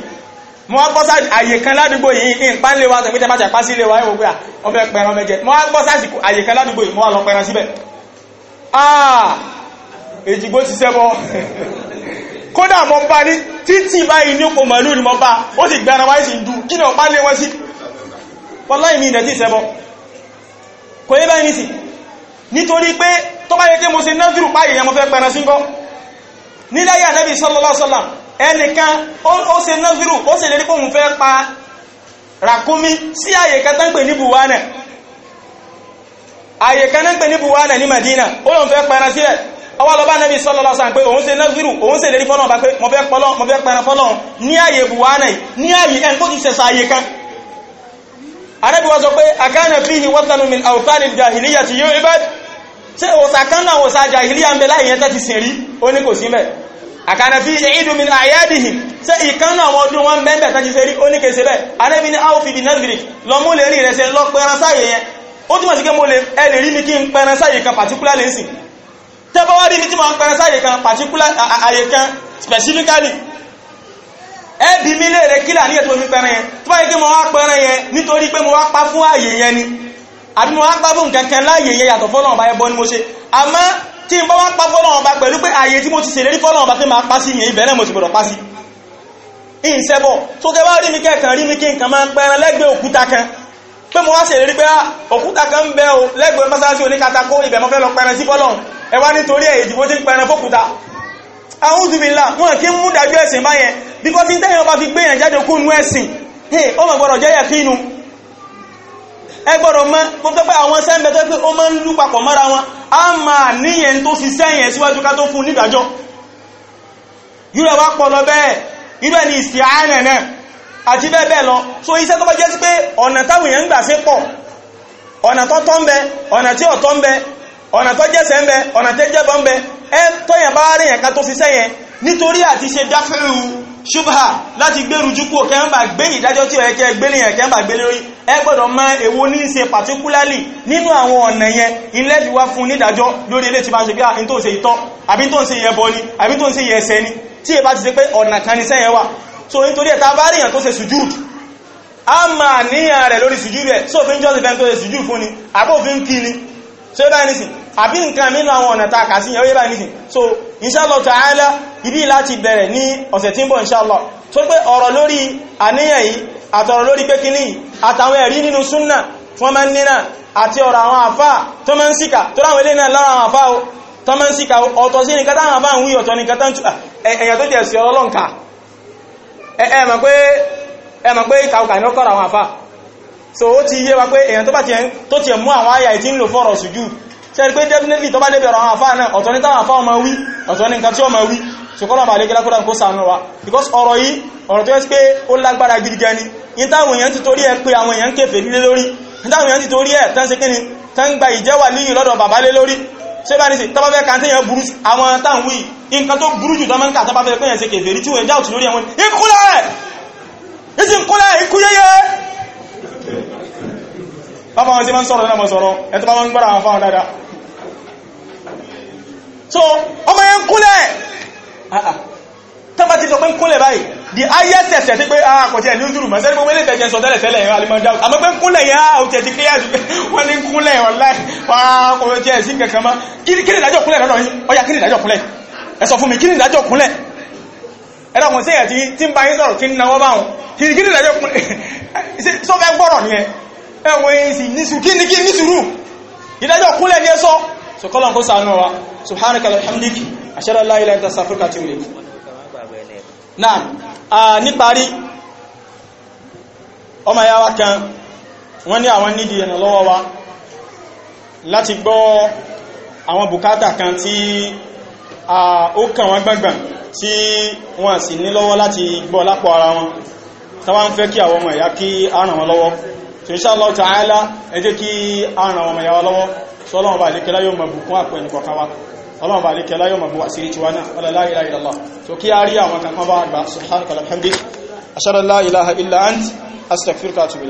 sáàdì àyè kan yìí kí n pa ń lè wá tẹ̀ pé sí ọmọ ọmọ sáàdì àyè kan yìí lọ pẹran síbẹ̀ ah èjìgbó ti sẹ́bọ̀ kódà mọ́ bá ní títí báyìí ní òpó màálù ni mọ́ bá ó sì gbára wáyé sí dùn kí náà pálé wọ́n sí wallahi mi ìdẹ̀ tí ìṣẹ́bọ kò yé báyìí nìsí nítorí pé tó bá yẹ kí mo ṣe náfìrù páyì yẹn mo fẹ́ pẹran sí gọ́ níláyà Ànábì sallallahu pa ràkúnmí sí àyè kan tán pè ní buwana àyè Madina ó lóun fẹ́ ọwọ́ lọ bá nẹ́bí sọ́lọ́lá sáà pé òun ṣe nẹ́fìrù òun ṣe lérí fọ́lọ́n bá pé mo fẹ́ pọ́lọ́n mo fẹ́ pẹran fọ́lọ́n ní ààyè buhari ní ààyè ẹn kó ti ṣẹ̀ṣà ààyè kan Ànábì wa sọ pé àkánà fíhi wọ́tánù min ti yóò ibad ṣe òsà kan náà òsà jahiliya ń bẹ láyé yẹn tẹ́tí sìn rí ó ní min àyádìhì ṣe ìkan náà wọn ọdún wọn bẹ́ẹ̀ tẹ́tí sẹ́rí ó ní kò sí bẹ́ẹ̀ Ànábì ní áwùfi bí nẹ́fìrì lọ mú lè rí rẹ̀ ṣe lọ pẹran sáyé yẹn ó túmọ̀ sí pé mo tẹ́bọ́ wá rí ibi tí wọ́n ń pẹ̀rẹ̀ sáyé kan particular àyè kan specifically ẹbí mi lè rẹ̀ kílà ní ètò mi pẹ̀rẹ̀ yẹn tó báyìí kí mo wá pẹ̀rẹ̀ yẹn nítorí pé mo wá pa fún àyè yẹn ni àbí mo wá pa fún kankan láyè yẹn yàtọ̀ fọ́lọ́run ọba ẹbọ ni mo ṣe àmọ́ tí n bá wá pa fọ́lọ́run ọba pẹ̀lú pé àyè tí mo ti ṣèlérí fọ́lọ́run ọba pé máa pa sí yẹn ibẹ̀ náà mo ti gbọ́dọ̀ pa sí ìǹsẹ́bọ̀ tó kẹ́ wá rí mi kẹ́kàn rí mi kí nǹkan máa ń pẹ̀rẹ̀ lẹ́gbẹ̀ẹ́ òkúta kan pé mo wá ṣe rí pé ah, òkúta kan bẹ́ o lẹ́gbẹ̀ẹ́ mọ́sálásí oníkatakó ibẹ̀ mọ́fẹ́ lọ pẹran sí bọ́lọ̀n ẹ wá nítorí ẹ̀ ìdìbò tí ń pẹran fókúta àwọn òdùbìlà wọn kí ń mú dájú ẹ̀sìn báyẹn bí kọ́ tí ń tẹ́yìn ọba fi gbé yàn jáde kú nú ẹ̀sìn ó mọ̀ gbọ́dọ̀ jẹ́ yẹ̀ fínu ẹ gbọ́dọ̀ mọ́ mo pẹ́ pé àwọn sẹ́ńbẹ̀ tó pé ó máa ń lú papọ̀ mọ́ra wọn á máa níyẹn tó fi sẹ́yìn síwájú ká tó fún wá pọ̀ lọ bẹ́ẹ̀ àti bẹ́ẹ̀ bẹ́ẹ̀ lọ so iṣẹ́ tó bá jẹ́ sí pé ọ̀nà táwọn èèyàn ń gbà ṣe pọ̀ ọ̀nà tó tọ́ ń bẹ ọ̀nà tí ò tọ́ ń bẹ ọ̀nà tó jẹ́sẹ̀ ń bẹ ọ̀nà tó jẹ́bọ ń bẹ ẹ tọ́yàn bá rẹ̀ yẹn ká tó ṣiṣẹ́ yẹn nítorí àti ṣe dáfẹ́rù ṣubha láti gbèrú jù kúrò kẹ́ńbà gbé ìdájọ́ tí ó yẹ kẹ́ gbé nìyẹn kẹ́ńbà gbé lórí ẹ gbọ́dọ̀ mọ èwo ní ṣe particularly nínú àwọn ọ̀nà yẹn ilé fi wá fún nídàjọ́ lórí ilé tí bá ń ṣe bí i ah, tó ń ṣe ìtọ́ àbí tó ń ṣe ìyẹbọ ni àbí tó ń ṣe ìyẹsẹ ni tí ẹ bá ti ṣe pé ọ̀nà kan ní sẹ́yẹn wà so nítorí ẹ̀ta bá ríyàn tó ṣe sùjúd a ma níyàn rẹ̀ lórí sùjúd rẹ̀ so fi ń jọ́sìn fẹ́ tó ṣe sùjúd fún ni àbó fi ń kí ni so yẹ́ bá ní sìn àbí nǹkan mínú àwọn ọ̀nà ta kàsí yẹ́ bá ní sìn so inshallah ta'ala ibi láti bẹ̀rẹ̀ ní ọ̀sẹ̀ tí ń bọ̀ inshallah so pé ọ̀rọ̀ lórí àníyàn yìí àtọ̀rọ̀ lórí pé kíní yìí àtàwọn ẹ̀rí nínú súnnà tí wọ́n máa ń nínà àti ọ̀rọ̀ àwọn àfá tó máa ń síkà tó ráwọn ilé o tó máa ń síkà ọ̀tọ̀ sí nìkan táwọn àfá ń ẹ̀yà tó jẹ̀ sí ọlọ́nkà ẹ mọ̀ pé ẹ mọ̀ pé ìkàùkà ní ọkọ̀rọ̀ àwọn àfà so ó ti yé wa pé èèyàn tó ti mú àwọn àyà ìtí ń lò fọ́rọ̀ sùjú ṣẹ́rí pé definitely tó bá débi ọ̀rọ̀ àwọn àfà náà ọ̀tọ̀ ní àfà ọmọ wa because ọ̀rọ̀ yìí ọ̀rọ̀ tó yẹ́ sí pé ó lágbára gidi gan ni in táwọn èèyàn ti torí ẹ pé àwọn èèyàn kèfè lílé lórí in táwọn èèyàn ti torí ẹ tán sí kíni tán wí nǹkan tó burú jù tọ́mọ́ nǹkan àtàbà fẹ́ pẹ́yàn ṣe kèfèrí tí wọ́n dá òtù lórí ẹ̀wọ̀n ìkúlẹ̀ ìsì ìkúlẹ̀ ìkúyẹyẹ bàbá wọn sí máa ń sọ̀rọ̀ náà ẹ̀tọ́ bá wọn gbára àwọn fáwọn dáadáa so ọmọ yẹn kúlẹ̀ ah, ah. tọ́bà ti sọ pé kúlẹ̀ báyìí ah, di ayé ẹ sọ fún mi kí ni ìdájọ́ kúnlẹ̀ ẹ̀rọ àwọn sí ẹ̀tí tí ń bá yín sọ̀rọ̀ tí ń nawọ́ báhùn kí ni kí ni ìdájọ́ kúnlẹ̀ sọ fẹ́ gbọ́rọ̀ ni ẹ ẹ̀wọ̀n èsì nísù kí ni kí ni sùúrù ìdájọ́ kúnlẹ̀ ni ẹ sọ sọ kó sànú wa subhanaka alhamdulillah ashhadu an la ilaha illa anta astaghfiruka wa atubu ilayk náà níparí ọmọ ya wa kan wọ́n ní àwọn nídìí ẹ̀nà lọ́wọ́ wa láti gbọ́ àwọn bùkátà kan tí ó kàn wọ́n gbàngbàn tí wọ́n sì ní lọ́wọ́ láti gbọ́ lápò ara wọn tàbá ń fẹ́ kí àwọn ọmọ ìyá kí a ràn wọ́n lọ́wọ́ so insha Allah ta'ala ẹ jẹ́ kí a ràn wọ́n ìyá wa lọ́wọ́ so ọlọ́run bá lékẹ́lá yóò mọ̀ bùkún àpò ẹnìkọ̀ọ̀kan wa ọlọ́run bá lékẹ́lá yóò mọ̀ bù àṣírí tiwa náà la ilaha illallah so kí a rí àwọn